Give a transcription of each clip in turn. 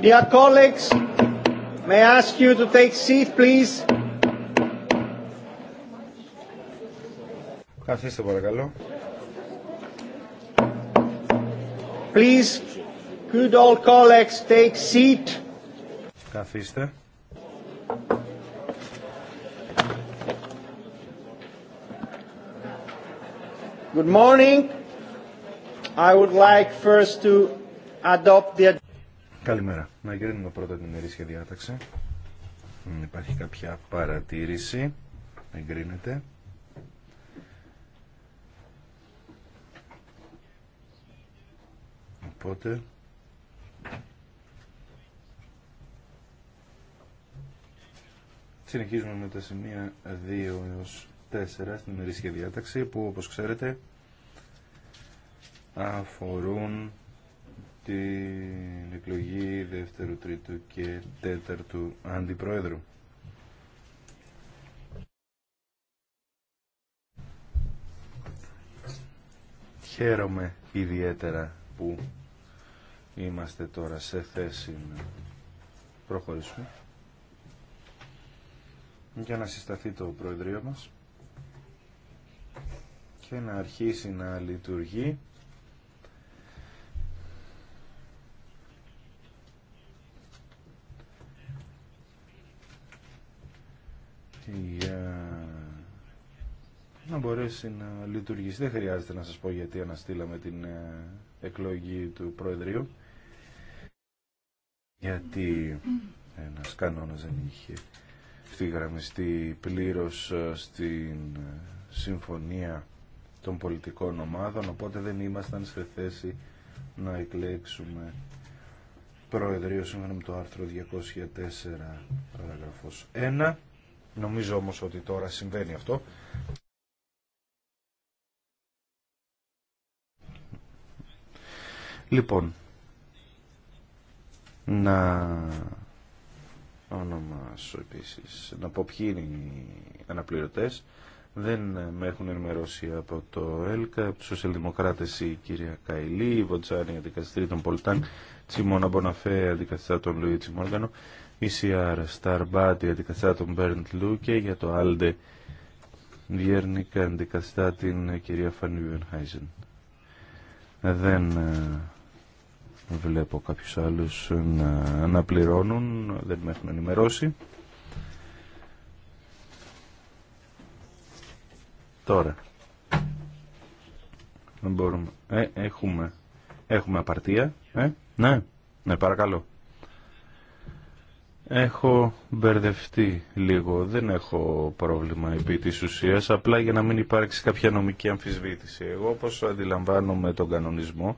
Dear colleagues, may I ask you to take seat, please. παρακαλώ. Please, could all colleagues take seat. Καθίστε. Good morning. I would like first to adopt the Καλημέρα. Να εγκρίνουμε πρώτα την ερήσια διάταξη. Υπάρχει κάποια παρατήρηση. Εγκρίνεται. Οπότε... Συνεχίζουμε με τα σημεία 2 έως 4 στην ημερήσια διάταξη που όπως ξέρετε αφορούν την εκλογή δεύτερου, τρίτου και τέταρτου αντιπρόεδρου. Χαίρομαι ιδιαίτερα που είμαστε τώρα σε θέση να προχωρήσουμε για να συσταθεί το Προεδρείο μας και να αρχίσει να λειτουργεί για ε, να μπορέσει να λειτουργήσει. Δεν χρειάζεται να σας πω γιατί αναστήλαμε την ε, εκλογή του Προεδρείου γιατί ένας κανόνας δεν είχε ευθυγραμμιστεί πλήρως ε, στην συμφωνία των πολιτικών ομάδων οπότε δεν ήμασταν σε θέση να εκλέξουμε Προεδρείο σύμφωνα με το άρθρο 204 παραγραφός 1 Νομίζω όμως ότι τώρα συμβαίνει αυτό. Λοιπόν, να ονομάσω επίσης, να πω ποιοι είναι οι αναπληρωτές. Δεν με έχουν ενημερώσει από το ΕΛΚΑ, από τους σοσιαλδημοκράτες η κυρία Καηλή, η Βοτζάνη αντικαθιστή των Πολιτάν, Τσιμώνα Μποναφέ αντικαθιστά των Λουίτσι Μόργανο, Star Σταρμπάτη αντικαθιστά τον Μπέρντ Λούκε για το Άλντε Viernica αντικαθιστά την ε, κυρία Φανιβιον Δεν ε, βλέπω κάποιους άλλου να αναπληρώνουν, δεν με έχουν ενημερώσει. Τώρα. Δεν μπορούμε. Ε, έχουμε. Έχουμε απαρτία. Ε, ναι. Ναι, παρακαλώ. Έχω μπερδευτεί λίγο, δεν έχω πρόβλημα επί της ουσίας, απλά για να μην υπάρξει κάποια νομική αμφισβήτηση. Εγώ όπως αντιλαμβάνομαι τον κανονισμό,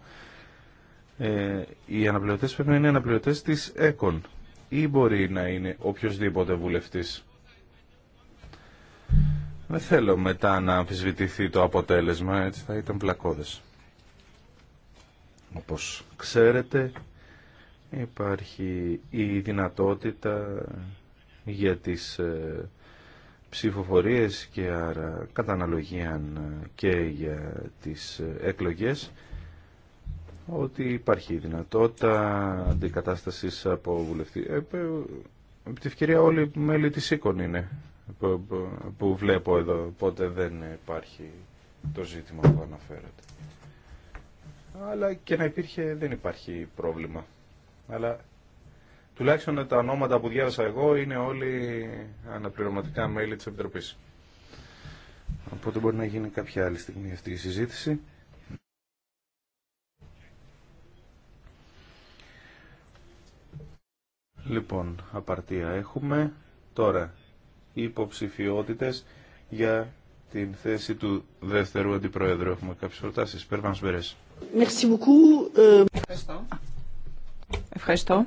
ε, οι αναπληρωτές πρέπει να είναι αναπληρωτές της ΕΚΟΝ ή μπορεί να είναι οποιοδήποτε βουλευτής. Δεν θέλω μετά να αμφισβητηθεί το αποτέλεσμα, έτσι θα ήταν πλακώδες. Όπως ξέρετε, υπάρχει η δυνατότητα για τις ε, ψηφοφορίες και άρα κατά αναλογία ε, και για τις ε, εκλογές ότι υπάρχει η δυνατότητα αντικατάστασης από βουλευτή. Επί τη ευκαιρία όλοι μέλη της ΕΚΟΝ είναι που βλέπω εδώ, οπότε δεν υπάρχει το ζήτημα που αναφέρεται. Αλλά και να υπήρχε δεν υπάρχει πρόβλημα αλλά τουλάχιστον τα ονόματα που διάβασα εγώ είναι όλοι αναπληρωματικά μέλη της Επιτροπής. Οπότε μπορεί να γίνει κάποια άλλη στιγμή αυτή η συζήτηση. Λοιπόν, απαρτία έχουμε. Τώρα, υποψηφιότητες για την θέση του δεύτερου αντιπρόεδρου. Έχουμε κάποιες προτάσεις. Πέρβανς Μπερές. Ε, Ευχαριστώ. Ευχαριστώ.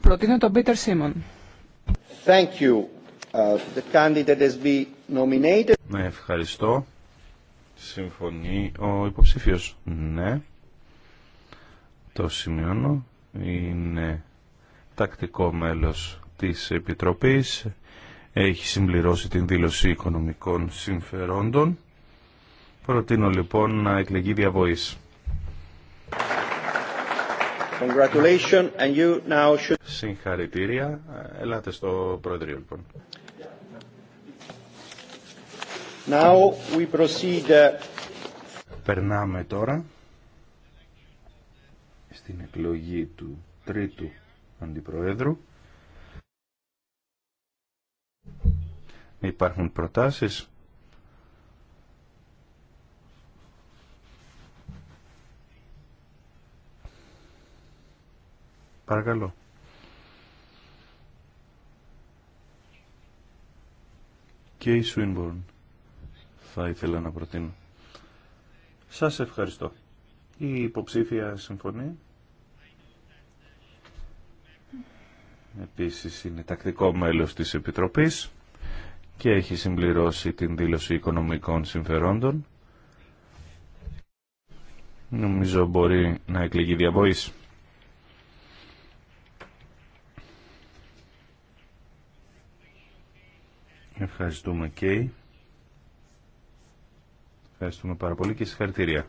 Προτείνω τον Πίτερ Σίμον. Uh, ναι, ευχαριστώ. Συμφωνεί ο υποψήφιος. Ναι. Το σημειώνω. Είναι τακτικό μέλος της Επιτροπής. Έχει συμπληρώσει την δήλωση οικονομικών συμφερόντων. Προτείνω λοιπόν να εκλεγεί διαβοή. Συγχαρητήρια. Ελάτε στο Προεδρείο λοιπόν. Now we proceed... Uh, Περνάμε τώρα στην εκλογή του τρίτου αντιπροέδρου. Υπάρχουν προτάσεις. Παρακαλώ. Και η Σουίνμπορν θα ήθελα να προτείνω. Σας ευχαριστώ. Η υποψήφια συμφωνεί. Επίσης είναι τακτικό μέλος της Επιτροπής και έχει συμπληρώσει την δήλωση οικονομικών συμφερόντων. Νομίζω μπορεί να εκλεγεί διαβοής. Ευχαριστούμε, και Ευχαριστούμε πάρα πολύ και συγχαρητήρια.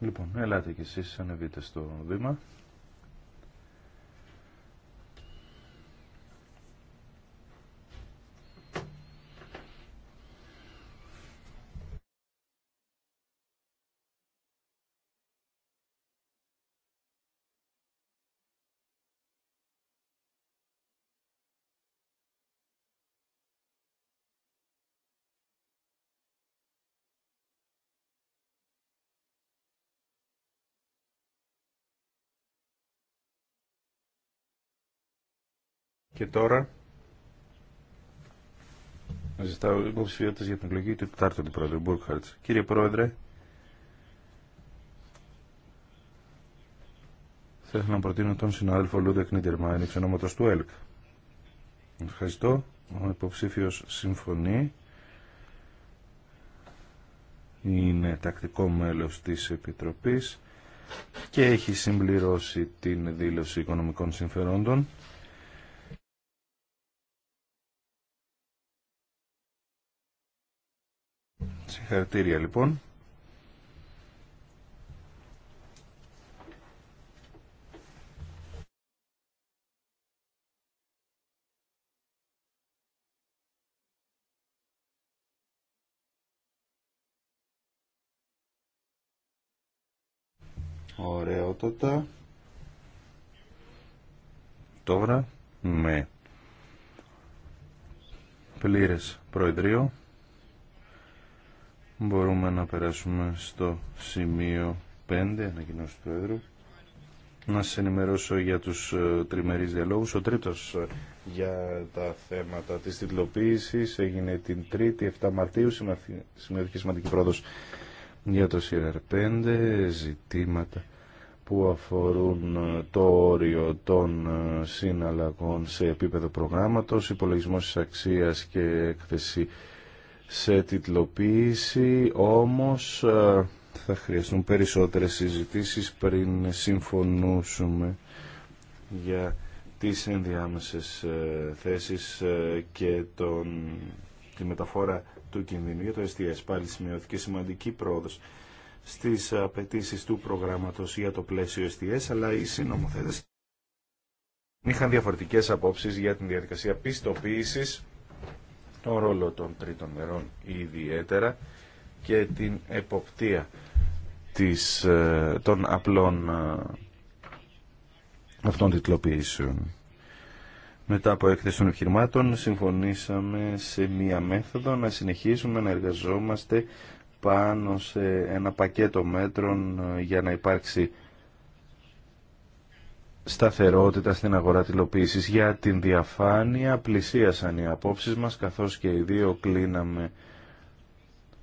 Λοιπόν, ελάτε κι εσείς ανεβείτε στο βήμα. Και τώρα ζητάω υποψηφιότητε για την εκλογή του του πρόεδρου Μπουρκχαρτ. Κύριε Πρόεδρε, θα ήθελα να προτείνω τον συνάδελφο Λούντε Κνίτερμα εν του ΕΛΚ. Ευχαριστώ. Ο υποψήφιο συμφωνεί. Είναι τακτικό μέλος της Επιτροπής και έχει συμπληρώσει την δήλωση οικονομικών συμφερόντων. Συγχαρητήρια λοιπόν. Ωραίοτατα. Τώρα με πλήρες προεδρείο. Μπορούμε να περάσουμε στο σημείο 5, ανακοινώσει του Πρόεδρου. Να σα ενημερώσω για τους ε, τριμερεί διαλόγου. Ο τρίτος ε, για τα θέματα τη τυπλοποίηση έγινε την 3η 7 Μαρτίου. Σημειώθηκε σημαντική πρόοδο για το ΣΥΡΑΡ 5 Ζητήματα που αφορούν ε, το όριο των συναλλαγών σε επίπεδο προγράμματο. υπολογισμός τη αξία και έκθεση σε τιτλοποίηση, όμως ε, θα χρειαστούν περισσότερες συζητήσεις πριν συμφωνούσουμε για τις ενδιάμεσες ε, θέσεις ε, και τον, τη μεταφορά του κινδύνου. Για το STS πάλι σημειώθηκε σημαντική πρόοδος στις απαιτήσει του προγράμματος για το πλαίσιο STS, αλλά οι συνομοθέτες είχαν διαφορετικές απόψεις για την διαδικασία πιστοποίησης το ρόλο των τρίτων μερών ιδιαίτερα και την εποπτεία της, ε, των απλών ε, αυτών τιτλοποιήσεων. Μετά από έκθεση των επιχειρημάτων συμφωνήσαμε σε μία μέθοδο να συνεχίσουμε να εργαζόμαστε πάνω σε ένα πακέτο μέτρων ε, για να υπάρξει σταθερότητα στην αγορά τηλεοποίησης. Για την διαφάνεια πλησίασαν οι απόψεις μας, καθώς και οι δύο κλείναμε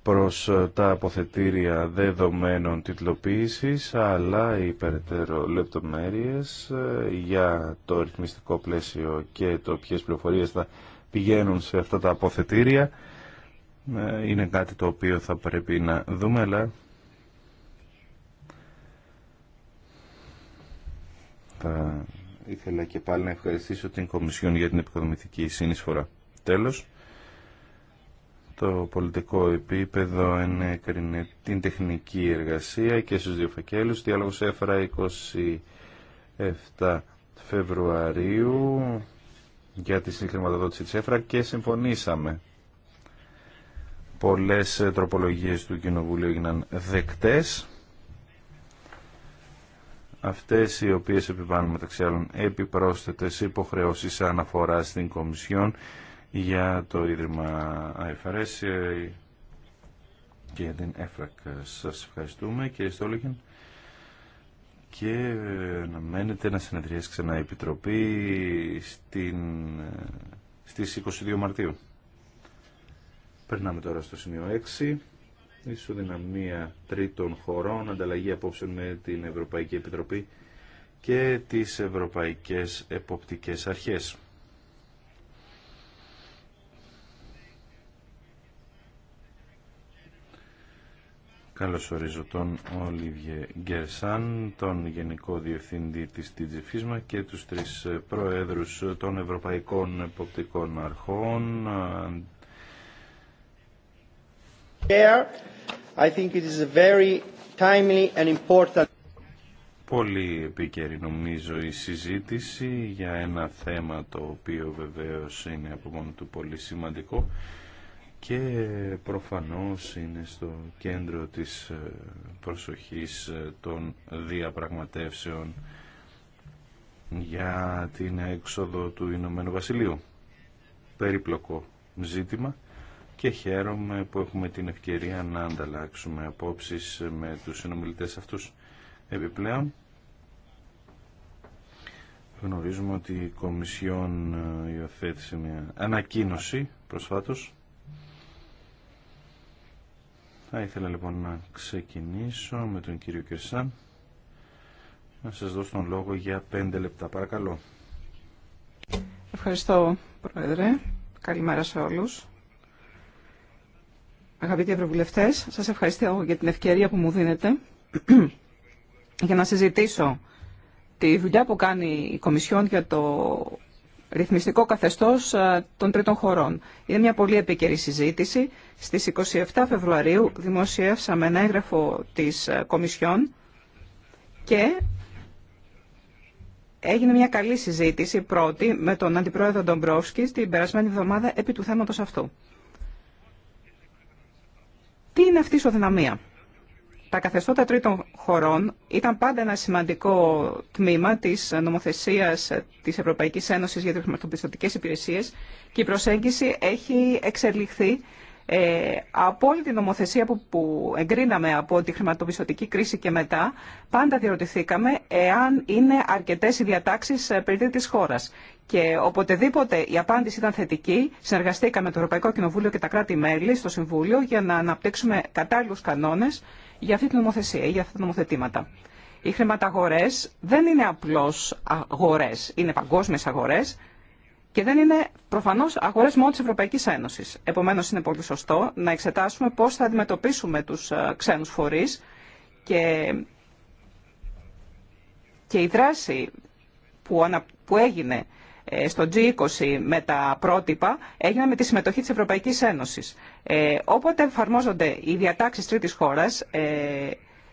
προς ε, τα αποθετήρια δεδομένων τιτλοποίησης, αλλά οι περαιτέρω λεπτομέρειες ε, για το ρυθμιστικό πλαίσιο και το ποιες πληροφορίες θα πηγαίνουν σε αυτά τα αποθετήρια ε, είναι κάτι το οποίο θα πρέπει να δούμε, αλλά θα ήθελα και πάλι να ευχαριστήσω την Κομισιόν για την επικοδομητική συνεισφορά. Τέλος, το πολιτικό επίπεδο ενέκρινε την τεχνική εργασία και στους δύο φακέλους. Διάλογος έφερα 27 Φεβρουαρίου για τη συγχρηματοδότηση της ΕΦΡΑ και συμφωνήσαμε. Πολλές τροπολογίες του Κοινοβουλίου έγιναν δεκτές αυτές οι οποίες επιβάλλουν μεταξύ άλλων επιπρόσθετες υποχρεώσεις αναφορά στην Κομισιόν για το Ίδρυμα ΑΕΦΡΕΣ και την ΕΦΡΑΚ. Σας ευχαριστούμε κύριε Στόλικεν και ε, αναμένεται να συνεδριάσει ξανά η Επιτροπή στην, ε, στις 22 Μαρτίου. Περνάμε τώρα στο σημείο 6 ισοδυναμία τρίτων χωρών, ανταλλαγή απόψεων με την Ευρωπαϊκή Επιτροπή και τις Ευρωπαϊκές Εποπτικές Αρχές. Καλώς ορίζω τον Όλιβιε Γκερσάν, τον Γενικό Διευθυντή της Τιτζεφίσμα και τους τρεις Προέδρους των Ευρωπαϊκών Εποπτικών Αρχών. I think it is a very timely and important... Πολύ επίκαιρη νομίζω η συζήτηση για ένα θέμα το οποίο βεβαίως είναι από μόνο του πολύ σημαντικό και προφανώς είναι στο κέντρο της ε, προσοχής ε, των διαπραγματεύσεων για την έξοδο του Ηνωμένου Βασιλείου. Περίπλοκο ζήτημα και χαίρομαι που έχουμε την ευκαιρία να ανταλλάξουμε απόψεις με τους συνομιλητές αυτούς. Επιπλέον, γνωρίζουμε ότι η Κομισιόν ε, υιοθέτησε μια ανακοίνωση προσφάτως. Θα ήθελα λοιπόν να ξεκινήσω με τον κύριο Κερσάν. Να σας δώσω τον λόγο για πέντε λεπτά. Παρακαλώ. Ευχαριστώ, Πρόεδρε. Καλημέρα σε όλους. Αγαπητοί ευρωβουλευτέ, σας ευχαριστώ για την ευκαιρία που μου δίνετε για να συζητήσω τη δουλειά που κάνει η Κομισιόν για το ρυθμιστικό καθεστώς των τρίτων χωρών. Είναι μια πολύ επίκαιρη συζήτηση. Στις 27 Φεβρουαρίου δημοσιεύσαμε ένα έγγραφο της Κομισιόν και έγινε μια καλή συζήτηση πρώτη με τον Αντιπρόεδρο Ντομπρόφσκι την περασμένη εβδομάδα επί του θέματος αυτού είναι αυτή η ισοδυναμία. Τα καθεστώτα τρίτων χωρών ήταν πάντα ένα σημαντικό τμήμα της νομοθεσίας της Ευρωπαϊκής Ένωσης για τις χρηματοπιστωτικέ υπηρεσίες και η προσέγγιση έχει εξελιχθεί ε, από όλη την νομοθεσία που, εγκρίναμε από τη χρηματοπιστωτική κρίση και μετά, πάντα διερωτηθήκαμε εάν είναι αρκετέ οι διατάξει ε, περί τη χώρα. Και οποτεδήποτε η απάντηση ήταν θετική, συνεργαστήκαμε το Ευρωπαϊκό Κοινοβούλιο και τα κράτη-μέλη στο Συμβούλιο για να αναπτύξουμε κατάλληλου κανόνε για αυτή την νομοθεσία ή για αυτά τα νομοθετήματα. Οι χρηματαγορές δεν είναι απλώ αγορέ, είναι παγκόσμιε αγορέ και δεν είναι προφανώς αγορέ μόνο της Ευρωπαϊκής Ένωσης. Επομένως είναι πολύ σωστό να εξετάσουμε πώς θα αντιμετωπίσουμε τους ε, ξένους φορείς και, η δράση που, έγινε ε, στο G20 με τα πρότυπα έγινε με τη συμμετοχή της Ευρωπαϊκής Ένωσης. Ε, όποτε εφαρμόζονται οι διατάξεις τρίτης χώρας, ε,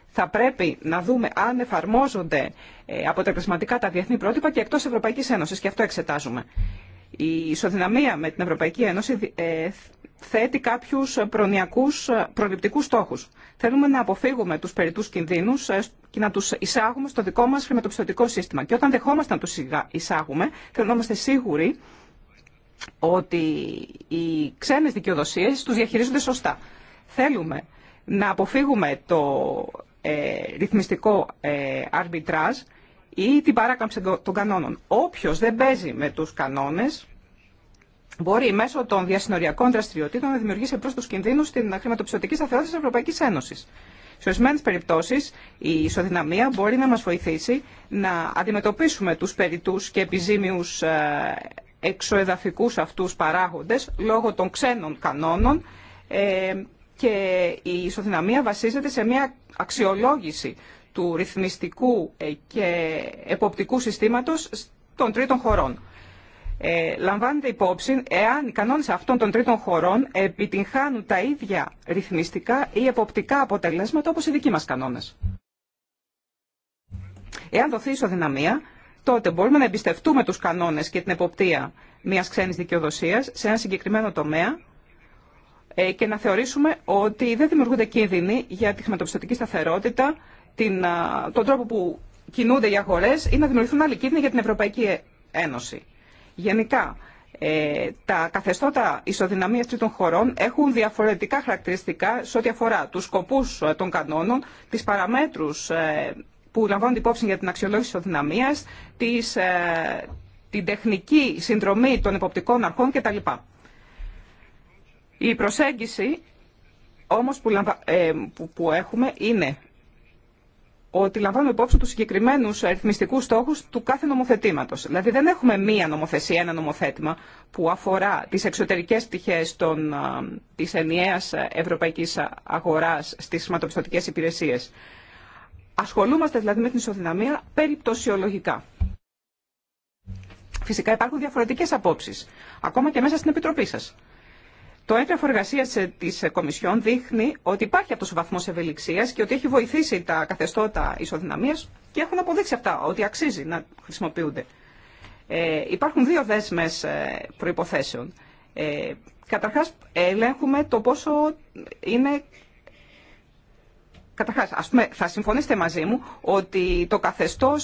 θα πρέπει να δούμε αν εφαρμόζονται ε, αποτελεσματικά τα διεθνή πρότυπα και εκτός Ευρωπαϊκής Ένωσης. Και αυτό εξετάζουμε. Η ισοδυναμία με την Ευρωπαϊκή Ένωση ε, θέτει κάποιους προνοιακούς ε, προληπτικούς στόχους. Θέλουμε να αποφύγουμε τους περιττούς κινδύνους ε, και να τους εισάγουμε στο δικό μας χρηματοπιστωτικό σύστημα. Και όταν δεχόμαστε να τους εισάγουμε, θέλουμε να είμαστε σίγουροι ότι οι ξένες δικαιοδοσίες τους διαχειρίζονται σωστά. Θέλουμε να αποφύγουμε το ρυθμιστικό αρμπιτράζ ή την παράκαμψη των κανόνων. Όποιο δεν παίζει με του κανόνε μπορεί μέσω των διασυνοριακών δραστηριοτήτων να δημιουργήσει πρόσθετου κινδύνου στην χρηματοπιστωτική σταθερότητα τη Ευρωπαϊκή Ένωση. Σε ορισμένε περιπτώσει, η ισοδυναμία μπορεί να μα βοηθήσει να αντιμετωπίσουμε του περιτού και επιζήμιου ε, εξοεδαφικού αυτού παράγοντε λόγω των ξένων κανόνων ε, και η ισοδυναμία βασίζεται σε μια αξιολόγηση του ρυθμιστικού ε, και εποπτικού συστήματος των τρίτων χωρών. Ε, λαμβάνεται υπόψη εάν οι κανόνες αυτών των τρίτων χωρών επιτυγχάνουν τα ίδια ρυθμιστικά ή εποπτικά αποτελέσματα όπως οι δικοί μας κανόνες. Εάν δοθεί ισοδυναμία, τότε μπορούμε να εμπιστευτούμε τους κανόνες και την εποπτεία μιας ξένης δικαιοδοσίας σε ένα συγκεκριμένο τομέα ε, και να θεωρήσουμε ότι δεν δημιουργούνται κίνδυνοι για τη χρηματοπιστωτική σταθερότητα, την, τον τρόπο που κινούνται οι αγορές ή να δημιουργηθούν άλλοι κίνδυνοι για την Ευρωπαϊκή Ένωση. Γενικά, ε, τα καθεστώτα ισοδυναμίας τρίτων χωρών έχουν διαφορετικά χαρακτηριστικά σε ό,τι αφορά τους σκοπούς ε, των κανόνων, τις παραμέτρους ε, που λαμβάνουν υπόψη για την αξιολόγηση ισοδυναμίας, τις, ε, την τεχνική συνδρομή των εποπτικών αρχών κτλ. Η προσέγγιση όμως που, που έχουμε είναι ότι λαμβάνουμε υπόψη του συγκεκριμένου αριθμιστικού στόχου του κάθε νομοθετήματο. Δηλαδή δεν έχουμε μία νομοθεσία, ένα νομοθέτημα που αφορά τι εξωτερικέ πτυχέ τη ενιαία ευρωπαϊκή αγορά στι χρηματοπιστωτικέ υπηρεσίε. Ασχολούμαστε δηλαδή με την ισοδυναμία περιπτωσιολογικά. Φυσικά υπάρχουν διαφορετικέ απόψει, ακόμα και μέσα στην Επιτροπή σα. Το έγγραφο εργασία ε, τη ε, Κομισιόν δείχνει ότι υπάρχει αυτό ο βαθμό ευελιξία και ότι έχει βοηθήσει τα καθεστώτα ισοδυναμία και έχουν αποδείξει αυτά ότι αξίζει να χρησιμοποιούνται. Ε, υπάρχουν δύο δέσμε προποθέσεων. Ε, ε Καταρχά, ελέγχουμε το πόσο είναι. Καταρχάς, ας πούμε, θα συμφωνήσετε μαζί μου ότι το καθεστώ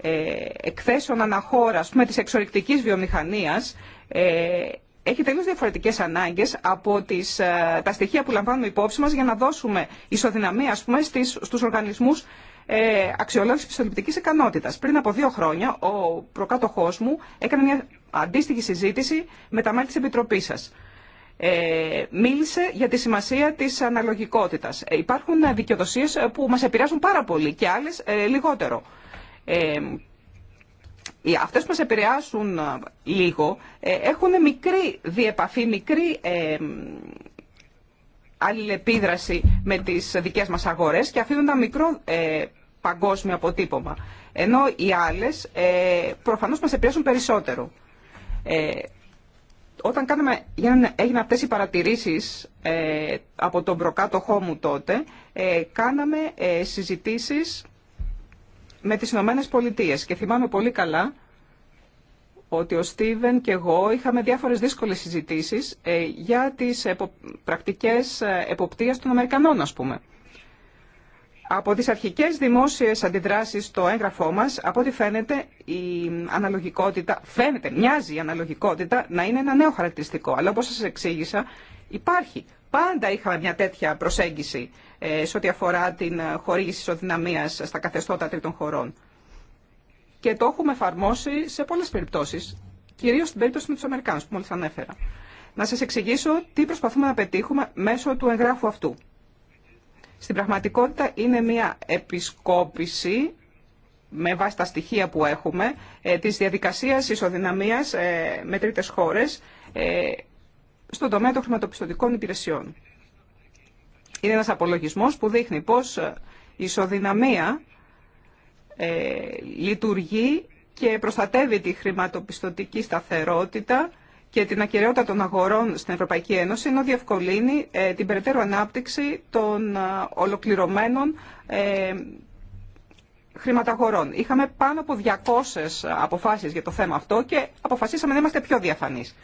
ε, εκθέσεων αναχώρα, τη πούμε, βιομηχανία. ε, έχει τελείω διαφορετικέ ανάγκες από τις, ε, τα στοιχεία που λαμβάνουμε υπόψη μα για να δώσουμε ισοδυναμία ας πούμε, στους οργανισμούς ε, αξιολόγηση Πριν από δύο χρόνια ο προκατοχό μου έκανε μια αντίστοιχη συζήτηση με τα μέλη τη Επιτροπής σα. Ε, μίλησε για τη σημασία της αναλογικότητα ε, υπάρχουν δικαιοδοσίε που μα επηρεάζουν πάρα πολύ και άλλε ε, λιγότερο. Ε, αυτές που μας επηρεάσουν ε, λίγο ε, έχουν μικρή διεπαφή, μικρή ε, αλληλεπίδραση με τις δικές μας αγορές και αφήνουν ένα μικρό παγκόσμιο αποτύπωμα. Ενώ οι άλλες προφανώς μας επηρεάσουν περισσότερο. Όταν κάναμε, έγιναν αυτές οι παρατηρήσεις από τον προκάτοχό μου τότε, κάναμε συζητήσεις με τις Ηνωμένε Πολιτείες και θυμάμαι πολύ καλά ότι ο Στίβεν και εγώ είχαμε διάφορες δύσκολες συζητήσεις ε, για τις πρακτικές ε, εποπτείας των Αμερικανών, ας πούμε. Από τις αρχικές δημόσιες αντιδράσεις στο έγγραφό μας, από ό,τι φαίνεται η αναλογικότητα, φαίνεται, μοιάζει η αναλογικότητα να είναι ένα νέο χαρακτηριστικό. Αλλά όπως σας εξήγησα, υπάρχει. Πάντα είχαμε μια τέτοια προσέγγιση ε, σε ό,τι αφορά την ε, χορήγηση ισοδυναμίας στα καθεστώτα τρίτων χωρών. Και το έχουμε εφαρμόσει σε πολλές περιπτώσεις, κυρίως στην περίπτωση με του Αμερικάνου που μόλι ανέφερα. Να σας εξηγήσω τι προσπαθούμε να πετύχουμε μέσω του εγγράφου αυτού. Στην πραγματικότητα είναι μια επισκόπηση με βάση τα στοιχεία που έχουμε, ε, της διαδικασίας ισοδυναμίας ε, με τρίτες χώρες ε, στον τομέα των χρηματοπιστωτικών υπηρεσιών. Είναι ένας απολογισμός που δείχνει πώς ε, η ισοδυναμία ε, λειτουργεί και προστατεύει τη χρηματοπιστωτική σταθερότητα και την ακαιρεότητα των αγορών στην Ευρωπαϊκή Ένωση, ενώ διευκολύνει ε, την περαιτέρω ανάπτυξη των ολοκληρωμένων ε, χρηματαγορών. Είχαμε πάνω από 200 αποφάσεις για το θέμα αυτό και αποφασίσαμε να είμαστε πιο διαφανείς.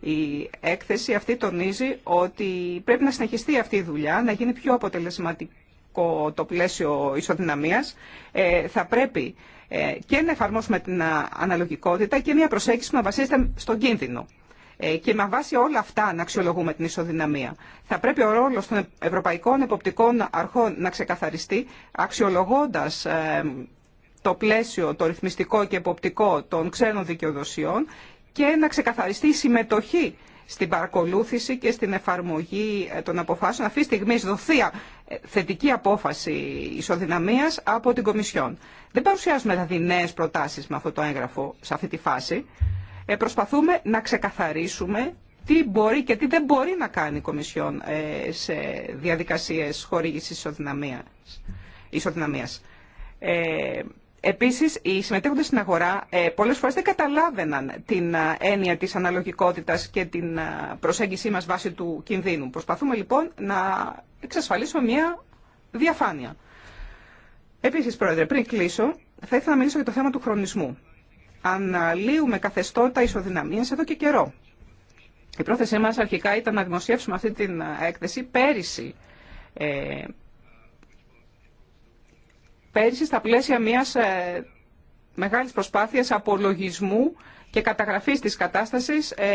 Η έκθεση αυτή τονίζει ότι πρέπει να συνεχιστεί αυτή η δουλειά, να γίνει πιο αποτελεσματικό το πλαίσιο ισοδυναμίας. Ε, θα πρέπει ε, και να εφαρμόσουμε την αναλογικότητα και μια προσέγγιση που να βασίζεται στον κίνδυνο ε, και με βάση όλα αυτά να αξιολογούμε την ισοδυναμία. Θα πρέπει ο ρόλος των ευρωπαϊκών εποπτικών αρχών να ξεκαθαριστεί αξιολογώντας ε, το πλαίσιο, το ρυθμιστικό και εποπτικό των ξένων δικαιοδοσιών και να ξεκαθαριστεί η συμμετοχή στην παρακολούθηση και στην εφαρμογή ε, των αποφάσεων. Αυτή τη στιγμή δοθεί ε, θετική απόφαση ισοδυναμίας από την Κομισιόν. Δεν παρουσιάζουμε δηλαδή νέε προτάσει με αυτό το έγγραφο σε αυτή τη φάση. Ε, προσπαθούμε να ξεκαθαρίσουμε τι μπορεί και τι δεν μπορεί να κάνει η Κομισιόν σε διαδικασίε χορήγηση ισοδυναμία. Ε, Επίσης, οι συμμετέχοντες στην αγορά ε, πολλές φορές δεν καταλάβαιναν την ε, έννοια της αναλογικότητας και την ε, προσέγγιση μας βάσει του κινδύνου. Προσπαθούμε λοιπόν να εξασφαλίσουμε μια διαφάνεια. Επίσης, Πρόεδρε, πριν κλείσω, θα ήθελα να μιλήσω για το θέμα του χρονισμού. Αναλύουμε καθεστώτα ισοδυναμίας εδώ και καιρό. Η πρόθεσή μας αρχικά ήταν να δημοσιεύσουμε αυτή την έκθεση πέρυσι πέρυσι στα πλαίσια μιας ε, μεγάλης προσπάθειας απολογισμού και καταγραφής της κατάστασης ε,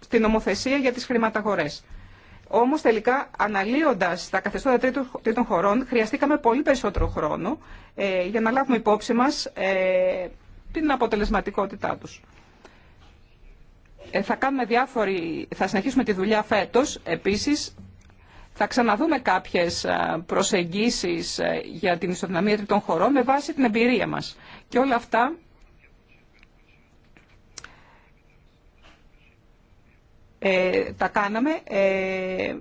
στην νομοθεσία για τις χρηματαγορές. Όμως τελικά αναλύοντας τα καθεστώτα τρίτων χωρών χρειαστήκαμε πολύ περισσότερο χρόνο ε, για να λάβουμε υπόψη μας την αποτελεσματικότητά τους. Θα κάνουμε διάφοροι, θα συνεχίσουμε τη δουλειά φέτος επίσης θα ξαναδούμε κάποιες ε, προσεγγίσεις ε, για την ισοδυναμία τριτών χωρών με βάση την εμπειρία μας. Και όλα αυτά ε, τα κάναμε ε,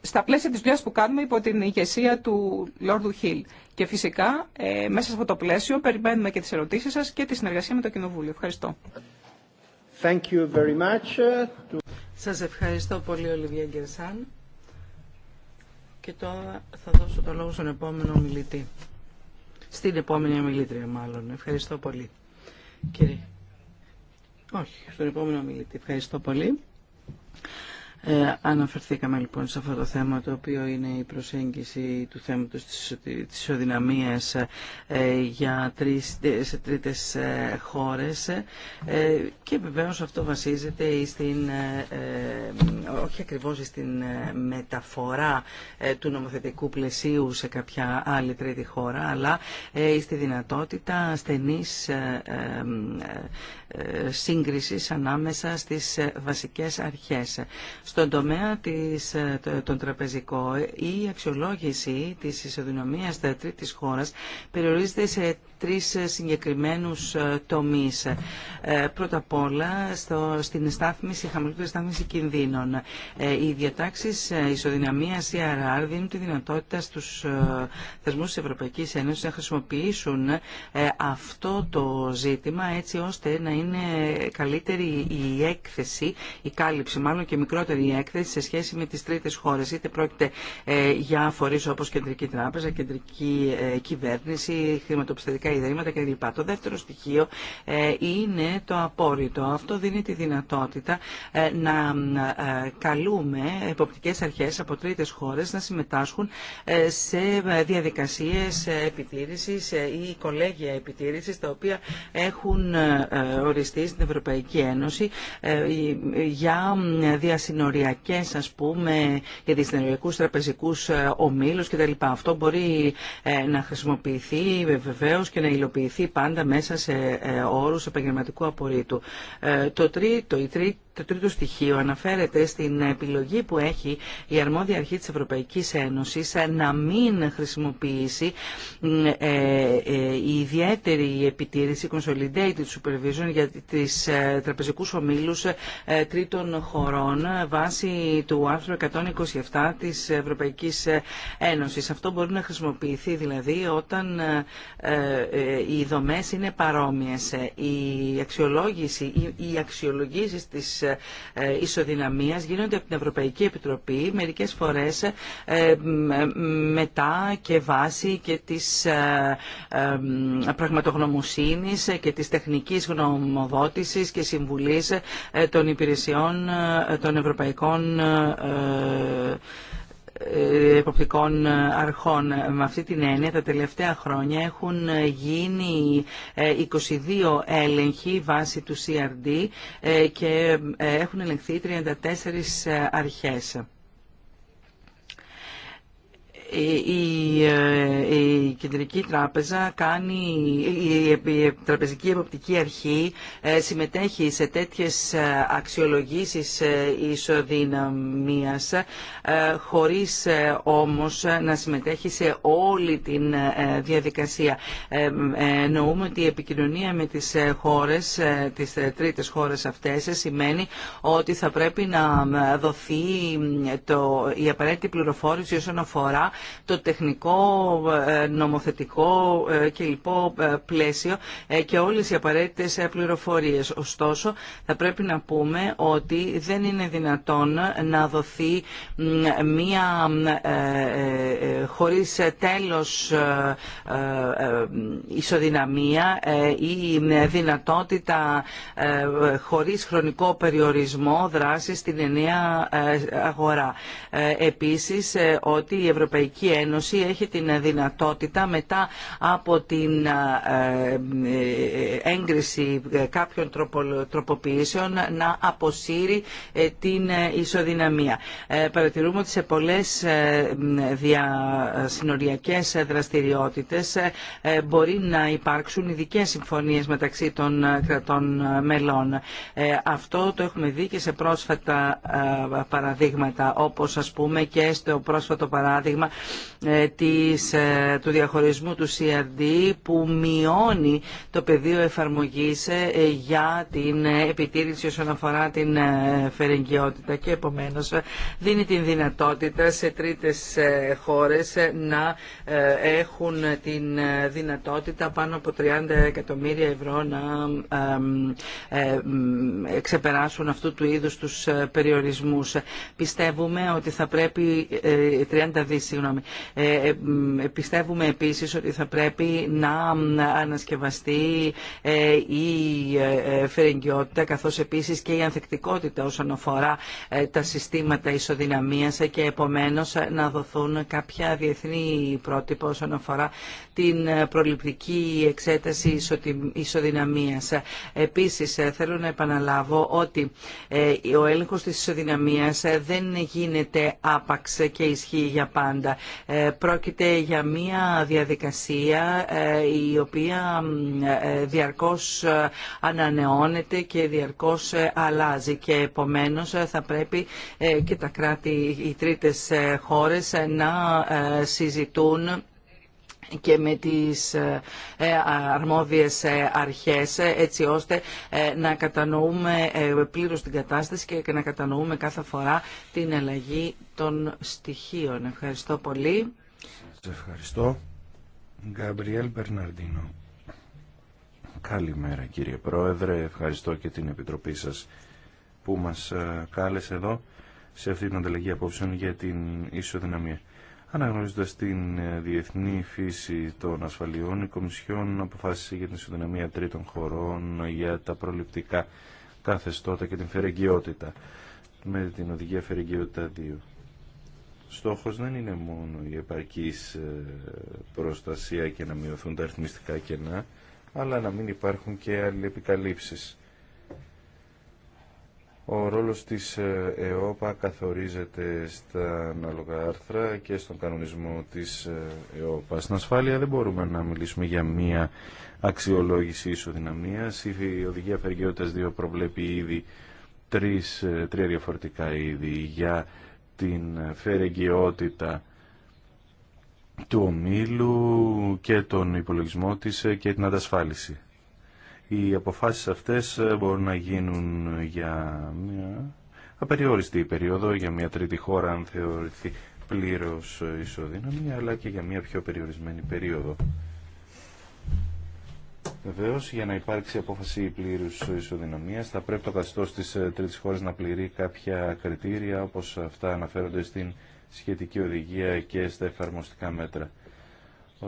στα πλαίσια της δουλειά που κάνουμε υπό την ηγεσία του Λόρδου Χιλ. Και φυσικά ε, μέσα σε αυτό το πλαίσιο περιμένουμε και τις ερωτήσεις σας και τη συνεργασία με το Κοινοβούλιο. Ευχαριστώ. Thank you very much. Σας ευχαριστώ πολύ, Ολιβία Γκερσάν. Και τώρα θα δώσω το λόγο στον επόμενο μιλητή. Στην επόμενη μιλήτρια μάλλον. Ευχαριστώ πολύ. Κύριε. Όχι, στον επόμενο μιλητή. Ευχαριστώ πολύ. Ε, αναφερθήκαμε λοιπόν σε αυτό το θέμα το οποίο είναι η προσέγγιση του θέματος της, ισοδυναμίας ε, για ε, σε τρίτες ε, χώρες ε, και βεβαίως αυτό βασίζεται στην, όχι ακριβώς στην μεταφορά του νομοθετικού πλαισίου σε κάποια άλλη τρίτη χώρα αλλά στη δυνατότητα στενής σύγκρισης ανάμεσα στις βασικές αρχές. Στον τομέα της, τραπεζικών η αξιολόγηση της ισοδυναμίας της χώρας περιορίζεται σε τρεις συγκεκριμένους ε, τομείς. Ε, πρώτα απ' όλα στο, στην στάθμιση, χαμηλότερη στάθμιση κινδύνων. Ε, οι διατάξεις ισοδυναμίας CRR δίνουν τη δυνατότητα στους θεσμούς της Ευρωπαϊκής Ένωσης να χρησιμοποιήσουν αυτό το ζήτημα έτσι ώστε να είναι είναι καλύτερη η έκθεση, η κάλυψη μάλλον και μικρότερη η έκθεση σε σχέση με τις τρίτες χώρες. Είτε πρόκειται ε, για φορείς όπως κεντρική τράπεζα, κεντρική ε, κυβέρνηση, χρηματοπιστωτικά ιδρύματα κλπ. Το δεύτερο στοιχείο ε, είναι το απόρριτο. Αυτό δίνει τη δυνατότητα να καλούμε εποπτικές αρχές από τρίτες χώρες να συμμετάσχουν σε διαδικασίες επιτήρησης ή κολέγια επιτήρησης τα οποία έχουν οριστεί στην Ευρωπαϊκή Ένωση ε, για διασυνοριακές, ας πούμε, για διασυνοριακούς τραπεζικούς ε, ομίλους κτλ. Αυτό μπορεί ε, να χρησιμοποιηθεί βεβαίω και να υλοποιηθεί πάντα μέσα σε όρους επαγγελματικού απορρίτου. Το τρίτο, η τρίτη το τρίτο στοιχείο αναφέρεται στην επιλογή που έχει η αρμόδια αρχή της Ευρωπαϊκής Ένωσης να μην χρησιμοποιήσει ε, ε, η ιδιαίτερη επιτήρηση consolidated supervision για τις ε, τραπεζικούς ομίλους τρίτων χωρών βάσει του άρθρου 127 της Ευρωπαϊκής Ένωσης. Αυτό μπορεί να χρησιμοποιηθεί δηλαδή όταν οι δομές είναι παρόμοιες. Η αξιολόγηση, οι αξιολογήσεις της ε, ισοδυναμίας γίνονται από την Ευρωπαϊκή Επιτροπή μερικές φορές ε, ε, μετά και βάση και της πραγματογνωμοσύνης και της τεχνικής γνωμοδότησης και συμβουλής των υπηρεσιών των ευρωπαϊκών ε, εποπτικών αρχών. Με αυτή την έννοια τα τελευταία χρόνια έχουν γίνει 22 ε, έλεγχοι βάσει του CRD ε, και έχουν ελεγχθεί 34 αρχές. Ε, η, Κεντρική Τράπεζα κάνει, η, Τραπεζική Εποπτική Αρχή ε, συμμετέχει σε τέτοιες ε, αξιολογήσεις ισοδυναμίας χωρίς όμως να συμμετέχει σε όλη την διαδικασία. Εννοούμε ότι η επικοινωνία με τις χώρες, τις τρίτες χώρες αυτές σημαίνει ότι θα πρέπει να δοθεί το, η απαραίτητη πληροφόρηση όσον αφορά το τεχνικό, ε, νομοθετικό ε, και λοιπό ε, πλαίσιο και όλες οι απαραίτητες πληροφορίες. Ωστόσο, θα πρέπει να πούμε ότι δεν είναι δυνατόν να δοθεί μία χωρίς τέλος ισοδυναμία ή δυνατότητα χωρίς χρονικό περιορισμό δράσης στην ενιαία αγορά. Επίσης, ότι η Ευρωπαϊκή Ευρωπαϊκή Ένωση έχει την δυνατότητα μετά από την ε, ε, έγκριση κάποιων τροποποιήσεων να αποσύρει ε, την ισοδυναμία. Παρατηρούμε ότι σε πολλές διασυνοριακές δραστηριότητες μπορεί να υπάρξουν ειδικέ συμφωνίες μεταξύ των κρατών μελών. Αυτό το έχουμε δει και σε πρόσφατα παραδείγματα όπως ας πούμε και στο πρόσφατο παράδειγμα ε, της, ε, του διαχωρισμού του CRD που μειώνει το πεδίο εφαρμογής ε, για την επιτήρηση όσον αφορά την φερεγγιότητα και επομένως δίνει την δυνατότητα σε τρίτες χώρες να έχουν την δυνατότητα πάνω από 30 εκατομμύρια ευρώ να ξεπεράσουν αυτού του είδους τους περιορισμούς. Πιστεύουμε ότι θα πρέπει 30 δις συγγνώμη. Ε, ε, ε, πιστεύουμε επίσης ότι θα πρέπει να ανασκευαστεί η φερεγγιότητα καθώς επίσης και η ανθεκτικότητα όσον αφορά τα συστήματα ισοδυναμίας και επομένως να δοθούν κάποια διεθνή πρότυπα όσον αφορά την προληπτική εξέταση ισοδυναμίας. Επίσης θέλω να επαναλάβω ότι ο έλεγχος της ισοδυναμίας δεν γίνεται άπαξ και ισχύει για πάντα. Ε, πρόκειται για μια διαδικασία ε, η οποία ε, διαρκώς ανανεώνεται και διαρκώς αλλάζει και επομένως θα πρέπει και τα κράτη, οι τρίτες χώρες να συζητούν και με τις ε, ε, αρμόδιες ε, αρχές έτσι ώστε να κατανοούμε πλήρως την κατάσταση και να κατανοούμε κάθε φορά την αλλαγή των στοιχείων. Ευχαριστώ πολύ. Σας ευχαριστώ. Γκαμπριέλ Μπερναρντίνο. Καλημέρα κύριε Πρόεδρε. Ευχαριστώ και την Επιτροπή σας που μας κάλεσε εδώ σε αυτή την ανταλλαγή απόψεων για την ισοδυναμία. Αναγνωρίζοντα την ε, διεθνή φύση των ασφαλιών, η Κομισιόν αποφάσισε για την συνδυναμία τρίτων χωρών ε, για τα προληπτικά καθεστώτα και την φερεγγιότητα με την οδηγία φερεγγιότητα 2. Στόχος δεν είναι μόνο η επαρκής ε, προστασία και να μειωθούν τα αριθμιστικά κενά, αλλά να μην υπάρχουν και άλλοι επικαλύψεις. Ο ρόλος της ε, ΕΟΠΑ καθορίζεται στα ανάλογα άρθρα και στον κανονισμό της ε, ΕΟΠΑ. Στην ασφάλεια δεν μπορούμε να μιλήσουμε για μία αξιολόγηση ισοδυναμίας. Η Οδηγία Φεργιότητας 2 προβλέπει ήδη τρεις, ε, τρία διαφορετικά είδη για την φερεγγιότητα του ομίλου και τον υπολογισμό της και την αντασφάλιση. Οι αποφάσεις αυτές ε, μπορούν να γίνουν για μια απεριόριστη περίοδο, για μια τρίτη χώρα αν θεωρηθεί πλήρως ε, ισοδύναμη, αλλά και για μια πιο περιορισμένη περίοδο. Βεβαίω, για να υπάρξει απόφαση πλήρου ισοδυναμία, θα πρέπει το καθεστώ τη ε, τρίτη χώρα να πληρεί κάποια κριτήρια, όπω αυτά αναφέρονται στην σχετική οδηγία και στα εφαρμοστικά μέτρα.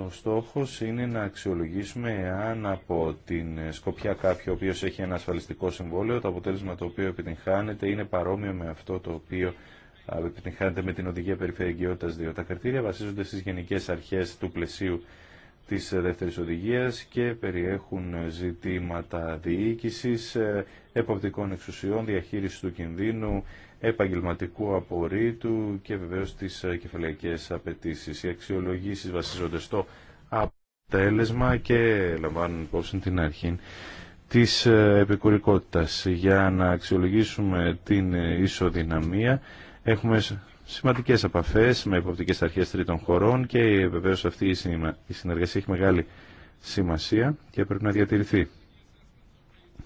Ο στόχο είναι να αξιολογήσουμε αν από την σκοπιά κάποιο ο οποίος έχει ένα ασφαλιστικό συμβόλαιο, το αποτέλεσμα το οποίο επιτυγχάνεται είναι παρόμοιο με αυτό το οποίο επιτυγχάνεται με την Οδηγία Περιφερειακότητας 2. Τα κριτήρια βασίζονται στις γενικές αρχές του πλαισίου της δεύτερης οδηγίας και περιέχουν ζητήματα διοίκησης, ε, εποπτικών εξουσιών, διαχείρισης του κινδύνου, επαγγελματικού απορρίτου και βεβαίως τις ε, κεφαλαϊκές απαιτήσει. Οι αξιολογήσεις βασίζονται στο αποτέλεσμα και λαμβάνουν υπόψη την αρχή της ε, επικουρικότητας. Για να αξιολογήσουμε την ε, ισοδυναμία έχουμε σημαντικές απαφές με υποπτικές αρχές τρίτων χωρών και βεβαίως αυτή η συνεργασία έχει μεγάλη σημασία και πρέπει να διατηρηθεί.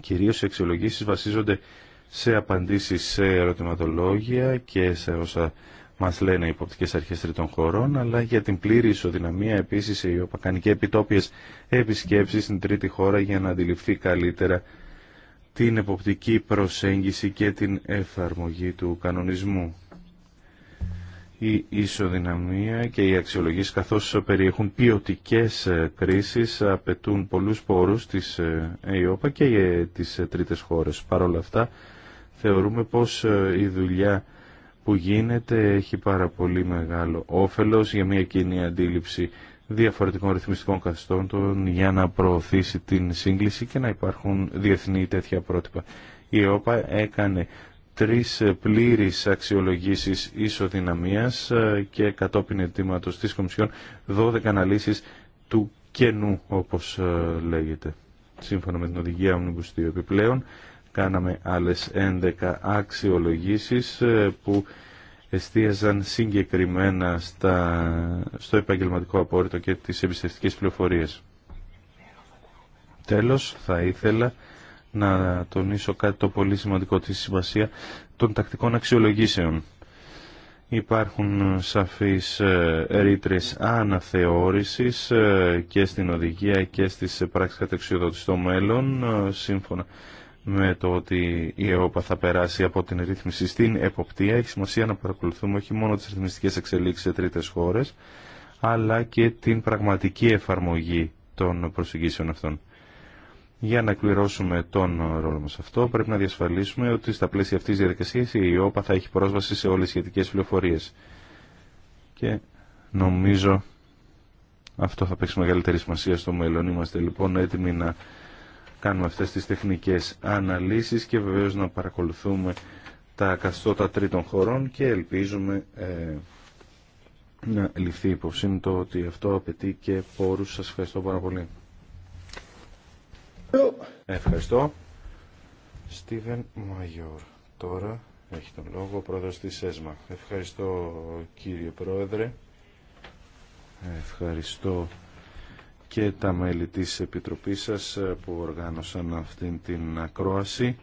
Κυρίως οι αξιολογήσεις βασίζονται σε απαντήσεις σε ερωτηματολόγια και σε όσα μας λένε οι υποπτικές αρχές τριτών χωρών, αλλά για την πλήρη ισοδυναμία επίσης η ΕΟΠΑ κάνει και επιτόπιες επισκέψεις στην τρίτη χώρα για να αντιληφθεί καλύτερα την εποπτική προσέγγιση και την εφαρμογή του κανονισμού. Η ισοδυναμία και οι αξιολογίες καθώς περιέχουν ποιοτικές κρίσεις απαιτούν πολλούς πόρους της ΕΟΠΑ και τις τρίτες χώρες. Παρ' θεωρούμε πως ε, η δουλειά που γίνεται έχει πάρα πολύ μεγάλο όφελος για μια κοινή αντίληψη διαφορετικών ρυθμιστικών καθεστώτων για να προωθήσει την σύγκληση και να υπάρχουν διεθνή τέτοια πρότυπα. Η ΕΟΠΑ έκανε τρεις πλήρεις αξιολογήσεις ισοδυναμίας ε, και κατόπιν ετήματος της Κομισιόν 12 αναλύσεις του κενού όπως ε, λέγεται σύμφωνα με την οδηγία Omnibus επιπλέον κάναμε άλλες 11 αξιολογήσεις ε, που εστίαζαν συγκεκριμένα στα, στο επαγγελματικό απόρριτο και τις εμπιστευτικές πληροφορίες. Τέλος, θα ήθελα να τονίσω κάτι το πολύ σημαντικό της σημασία των τακτικών αξιολογήσεων. Υπάρχουν σαφείς ε, ρήτρες αναθεώρησης ε, και στην οδηγία και στις πράξεις κατεξιοδότησης στο μέλλον, σύμφωνα με το ότι η ΕΟΠΑ θα περάσει από την ρύθμιση στην εποπτεία. Έχει σημασία να παρακολουθούμε όχι μόνο τις ρυθμιστικές εξελίξεις σε τρίτες χώρες, αλλά και την πραγματική εφαρμογή των προσεγγίσεων αυτών. Για να κληρώσουμε τον ρόλο μας αυτό, πρέπει να διασφαλίσουμε ότι στα πλαίσια αυτής της διαδικασίας η ΕΟΠΑ θα έχει πρόσβαση σε όλες τις σχετικές πληροφορίες. Και νομίζω αυτό θα παίξει μεγαλύτερη σημασία στο μέλλον. Είμαστε λοιπόν έτοιμοι να κάνουμε αυτές τις τεχνικές αναλύσεις και βεβαίως να παρακολουθούμε τα καθιστώτα τρίτων χωρών και ελπίζουμε ε, να ληφθεί υπόψη το ότι αυτό απαιτεί και πόρους. Σας ευχαριστώ πάρα πολύ. Ευχαριστώ. Στίβεν Μαγιόρ. Τώρα έχει τον λόγο ο πρόεδρος της ΕΣΜΑ. Ευχαριστώ κύριε πρόεδρε. Ευχαριστώ και τα μέλη της Επιτροπής σας ε, που οργάνωσαν αυτήν την ακρόαση.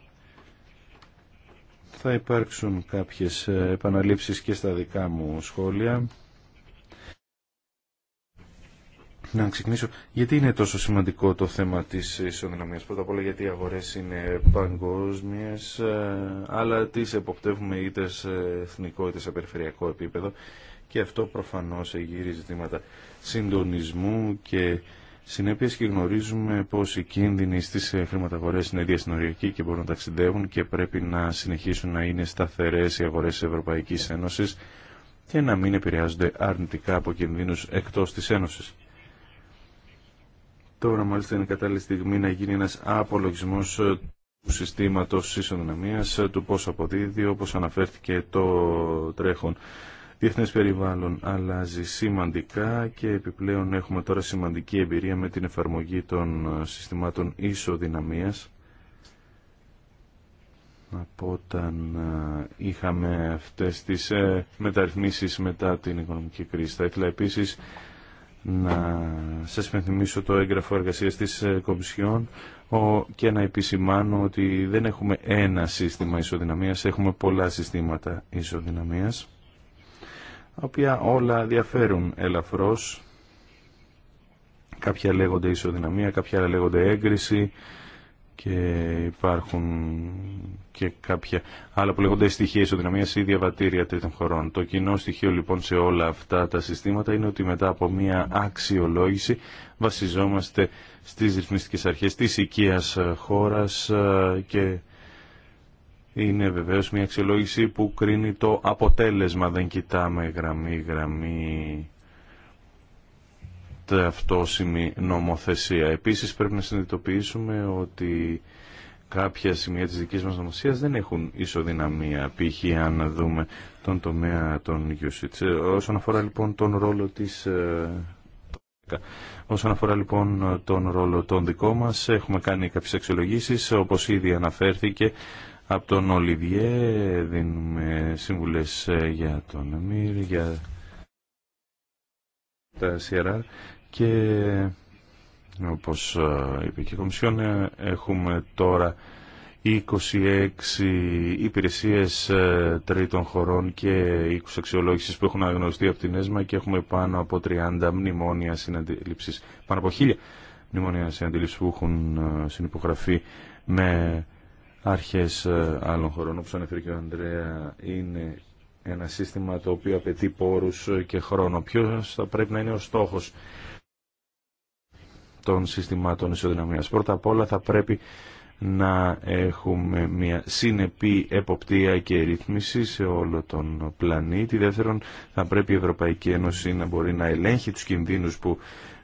Θα υπάρξουν κάποιες ε, επαναλήψεις και στα δικά μου σχόλια. Να ξεκινήσω. Γιατί είναι τόσο σημαντικό το θέμα της ισοδυναμίας. Πρώτα απ' όλα γιατί οι αγορές είναι παγκόσμιες, ε, αλλά τις εποπτεύουμε είτε σε εθνικό είτε σε περιφερειακό επίπεδο και αυτό προφανώς εγείρει ζητήματα συντονισμού και Συνέπειε και γνωρίζουμε πω οι κίνδυνοι στι ε, χρηματαγορέ είναι διασυνοριακοί και μπορούν να ταξιδεύουν και πρέπει να συνεχίσουν να είναι σταθερές οι αγορές της Ευρωπαϊκής Ένωσης και να μην επηρεάζονται αρνητικά από κινδύνους εκτός της Ένωση. Τώρα μάλιστα είναι κατάλληλη στιγμή να γίνει ένας απολογισμό ε, του συστήματο ισοδυναμία ε, του πώς αποδίδει, όπως αναφέρθηκε το τρέχον διεθνές περιβάλλον αλλάζει σημαντικά και επιπλέον έχουμε τώρα σημαντική εμπειρία με την εφαρμογή των συστημάτων ισοδυναμίας από όταν ε, είχαμε αυτές τις ε, μεταρρυθμίσεις μετά την οικονομική κρίση. Θα ήθελα επίσης να σας υπενθυμίσω το έγγραφο εργασίας της ε, Κομισιόν και να επισημάνω ότι δεν έχουμε ένα σύστημα ισοδυναμίας, έχουμε πολλά συστήματα ισοδυναμίας τα οποία όλα διαφέρουν ελαφρώς. Κάποια λέγονται ισοδυναμία, κάποια άλλα λέγονται έγκριση και υπάρχουν και κάποια άλλα που λέγονται στοιχεία ισοδυναμίας ή διαβατήρια τρίτων χωρών. Το κοινό στοιχείο λοιπόν σε όλα αυτά τα συστήματα είναι ότι μετά από μια αξιολόγηση βασιζόμαστε στις ρυθμιστικές αρχές της οικίας χώρας ε, και είναι βεβαίως μια αξιολόγηση που κρίνει το αποτέλεσμα. Δεν κοιτάμε γραμμή-γραμμή ταυτόσιμη νομοθεσία. Επίσης πρέπει να συνειδητοποιήσουμε ότι κάποια σημεία τη δικής μας νομοθεσία δεν έχουν ισοδυναμία, π.χ. αν δούμε τον τομέα των usage. Ε, όσον αφορά λοιπόν τον ρόλο της... Ε, όσον αφορά λοιπόν τον ρόλο των δικό μας, έχουμε κάνει κάποιες αξιολογήσεις, όπως ήδη αναφέρθηκε, από τον Ολιβιέ δίνουμε σύμβουλες ε, για τον Αμύρ, για τα Σιερά και όπως ε, είπε και η Κομισιόν ε, έχουμε τώρα 26 υπηρεσίες τρίτων χωρών και 20 αξιολόγησης που έχουν αναγνωριστεί από την ΕΣΜΑ και έχουμε πάνω από 30 μνημόνια συναντήληψης, πάνω από 1000 μνημόνια συναντήληψης που έχουν συνυπογραφεί με αρχές ε, άλλων χωρών, όπως ανέφερε και ο Ανδρέα, είναι ένα σύστημα το οποίο απαιτεί πόρους και χρόνο. Ποιος θα πρέπει να είναι ο στόχος των συστημάτων ισοδυναμίας. Πρώτα απ' όλα θα πρέπει να έχουμε μια συνεπή εποπτεία και ρύθμιση σε όλο τον πλανήτη. Δεύτερον, θα πρέπει η Ευρωπαϊκή Ένωση να μπορεί να ελέγχει τους κινδύνους που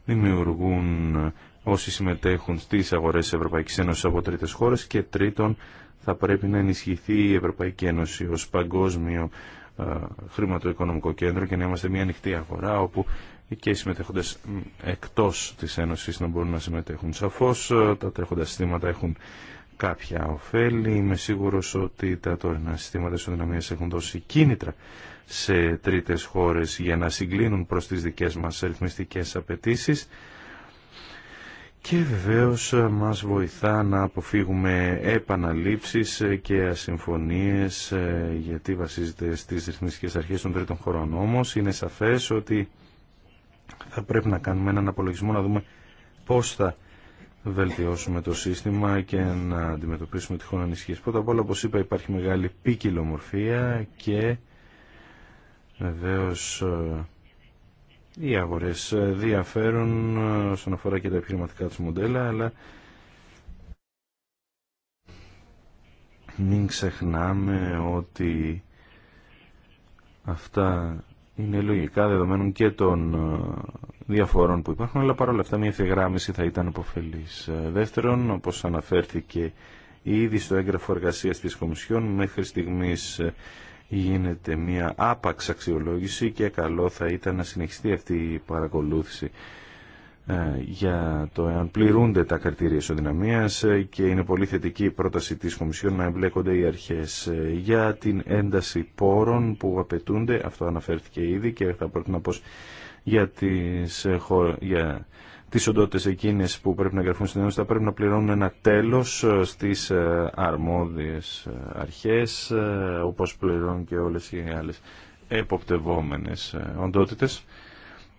δημιουργούν όσοι συμμετέχουν στις αγορές της Ευρωπαϊκής Ένωσης από τρίτες χώρες και τρίτον θα πρέπει να ενισχυθεί η Ευρωπαϊκή Ένωση ως παγκόσμιο χρηματοοικονομικό κέντρο και να είμαστε μια ανοιχτή αγορά όπου και οι συμμετέχοντες εκτός της Ένωσης να μπορούν να συμμετέχουν. Σαφώς τα τρέχοντα συστήματα έχουν κάποια ωφέλη. Είμαι σίγουρο ότι τα τωρινά συστήματα ισοδυναμίας έχουν δώσει κίνητρα σε τρίτες χώρες για να συγκλίνουν προς τις δικές μας ρυθμιστικές απαιτήσεις και βεβαίως ε, μας βοηθά να αποφύγουμε επαναλήψεις ε, και ασυμφωνίες ε, γιατί βασίζεται στις ρυθμιστικές αρχές των τρίτων χωρών. Όμως είναι σαφές ότι θα πρέπει να κάνουμε έναν απολογισμό να δούμε πώς θα βελτιώσουμε το σύστημα και να αντιμετωπίσουμε τυχόν ανησυχίες. Πρώτα απ' όλα, όπως είπα, υπάρχει μεγάλη ποικιλομορφία και βεβαίως οι αγορέ ε, διαφέρουν ε, όσον αφορά και τα επιχειρηματικά του μοντέλα, αλλά μην ξεχνάμε ότι αυτά είναι λογικά δεδομένων και των ε, διαφορών που υπάρχουν, αλλά παρόλα αυτά μια ευθυγράμμιση θα ήταν υποφελής. Δεύτερον, όπως αναφέρθηκε ήδη στο έγγραφο εργασίας της Κομισιόν, μέχρι στιγμής γίνεται μια άπαξ αξιολόγηση και καλό θα ήταν να συνεχιστεί αυτή η παρακολούθηση ε, για το εάν πληρούνται τα καρτήρια ισοδυναμίας ε, και είναι πολύ θετική η πρόταση της Κομισιόν να εμπλέκονται οι αρχές ε, για την ένταση πόρων που απαιτούνται, αυτό αναφέρθηκε ήδη και θα πρέπει να πω για, τις, για τι οντότητε εκείνε που πρέπει να εγγραφούν στην Ένωση θα πρέπει να πληρώνουν ένα τέλο ε, στι ε, αρμόδιε ε, αρχέ, όπω πληρώνουν και όλε οι άλλε εποπτευόμενε οντότητε.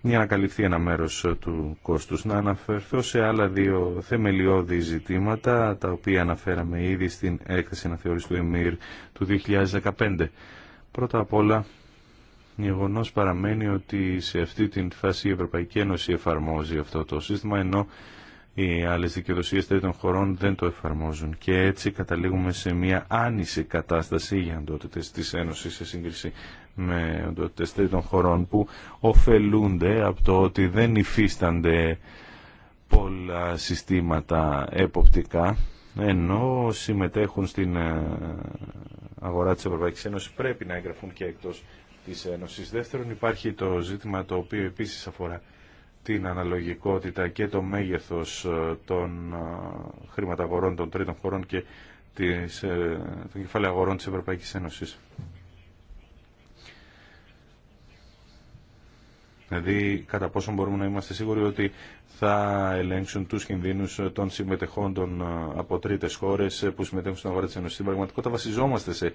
για να καλυφθεί ένα μέρο του κόστου Να αναφερθώ σε άλλα δύο θεμελιώδη ζητήματα, τα οποία αναφέραμε ήδη στην έκθεση αναθεώρηση του ΕΜΗΡ του 2015. Πρώτα απ' όλα, γεγονό παραμένει ότι σε αυτή την φάση η Ευρωπαϊκή Ένωση εφαρμόζει αυτό το σύστημα, ενώ οι άλλε δικαιοδοσίες τρίτων χωρών δεν το εφαρμόζουν. Και έτσι καταλήγουμε σε μια άνηση κατάσταση για οντότητες τη Ένωση σε σύγκριση με οντότητες τρίτων χωρών που ωφελούνται από το ότι δεν υφίστανται πολλά συστήματα εποπτικά ενώ συμμετέχουν στην ε, αγορά της Ευρωπαϊκής Ένωσης πρέπει να εγγραφούν και εκτός της Δεύτερον υπάρχει το ζήτημα το οποίο επίσης αφορά την αναλογικότητα και το μέγεθος ε, των ε, χρηματαγορών των τρίτων χωρών και της, ε, των κεφαλαίων αγορών της Ευρωπαϊκής Ένωσης. Δηλαδή, κατά πόσο μπορούμε να είμαστε σίγουροι ότι θα ελέγξουν τους κινδύνους των συμμετεχόντων από τρίτες χώρες που συμμετέχουν στην αγορά της Ένωσης. Στην πραγματικότητα βασιζόμαστε σε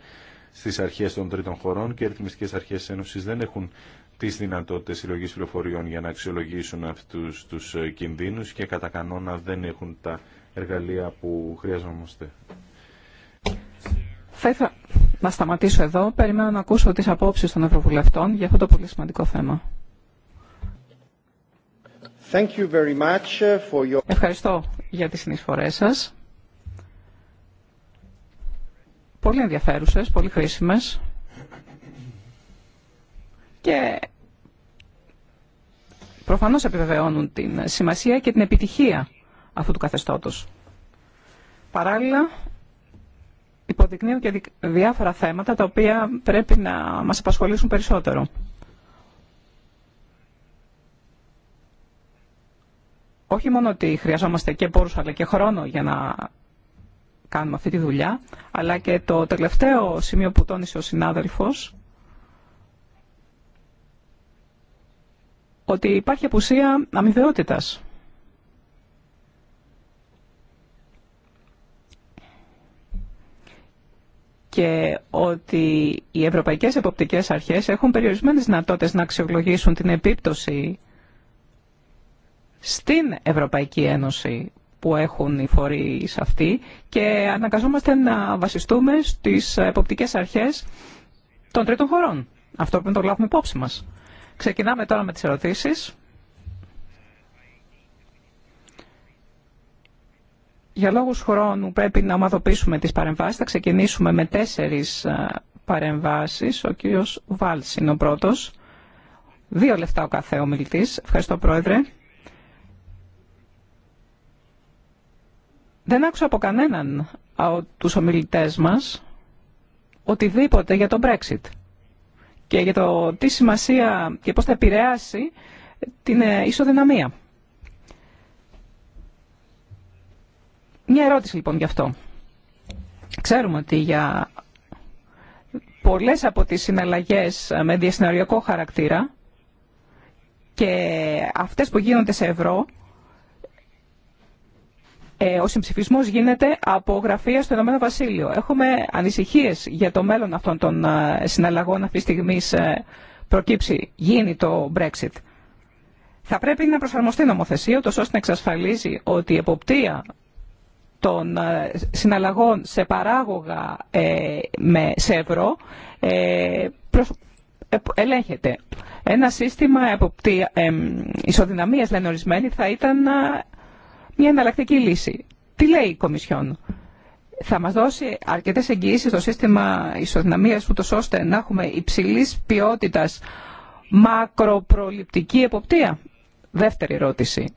στις αρχές των τρίτων χωρών και οι ρυθμιστικέ αρχές της Ένωσης δεν έχουν τις δυνατότητες συλλογή πληροφοριών για να αξιολογήσουν αυτούς τους ε, κινδύνους και κατά κανόνα δεν έχουν τα εργαλεία που χρειαζόμαστε. Θα ήθελα να σταματήσω εδώ. Περιμένω να ακούσω τις απόψεις των Ευρωβουλευτών για αυτό το πολύ σημαντικό θέμα. Uh, Ευχαριστώ για τις συνεισφορές σας πολύ ενδιαφέρουσες, πολύ χρήσιμες και προφανώς επιβεβαιώνουν την σημασία και την επιτυχία αυτού του καθεστώτος. Παράλληλα, υποδεικνύουν και διάφορα θέματα τα οποία πρέπει να μας απασχολήσουν περισσότερο. Όχι μόνο ότι χρειαζόμαστε και πόρους αλλά και χρόνο για να κάνουμε αυτή τη δουλειά, αλλά και το τελευταίο σημείο που τόνισε ο συνάδελφος, ότι υπάρχει απουσία αμοιβαιότητας. και ότι οι ευρωπαϊκές εποπτικές αρχές έχουν περιορισμένες δυνατότητες να αξιολογήσουν την επίπτωση στην Ευρωπαϊκή Ένωση που έχουν οι φορείς αυτοί και αναγκαζόμαστε να βασιστούμε στις εποπτικές αρχές των τρίτων χωρών. Αυτό πρέπει να το λάβουμε υπόψη μας. Ξεκινάμε τώρα με τις ερωτήσεις. Για λόγους χρόνου πρέπει να ομαδοποιήσουμε τις παρεμβάσεις. Θα ξεκινήσουμε με τέσσερις ε, παρεμβάσεις. Ο κύριος Βάλς είναι ο πρώτος. Δύο λεφτά ο κάθε ομιλητής. Ευχαριστώ πρόεδρε. Δεν άκουσα από κανέναν από τους ομιλητές μας οτιδήποτε για το Brexit και για το τι σημασία και πώς θα επηρεάσει την ε, ισοδυναμία. Μια ερώτηση λοιπόν γι' αυτό. Ξέρουμε ότι για πολλές από τις συναλλαγές ε, με διασυναριακό χαρακτήρα και αυτές που γίνονται σε ευρώ ε, ο συμψηφισμό γίνεται από γραφεία στο Ηνωμένο Βασίλειο. Έχουμε ανησυχίε για το μέλλον αυτών των ε, συναλλαγών αυτή τη στιγμή ε, προκύψει, γίνει το Brexit. Θα πρέπει να προσαρμοστεί η νομοθεσία, ώστε να εξασφαλίζει ότι η εποπτεία των συναλλαγών σε παράγωγα με, σε ευρώ ελέγχεται. Ένα σύστημα εποπτεία, ισοδυναμίας λένε ορισμένοι, θα ήταν μια εναλλακτική λύση. Τι λέει η Κομισιόν. Θα μας δώσει αρκετές εγγυήσεις στο σύστημα ισοδυναμίας, ούτω ώστε να έχουμε υψηλής ποιότητας μακροπροληπτική εποπτεία. Δεύτερη ερώτηση.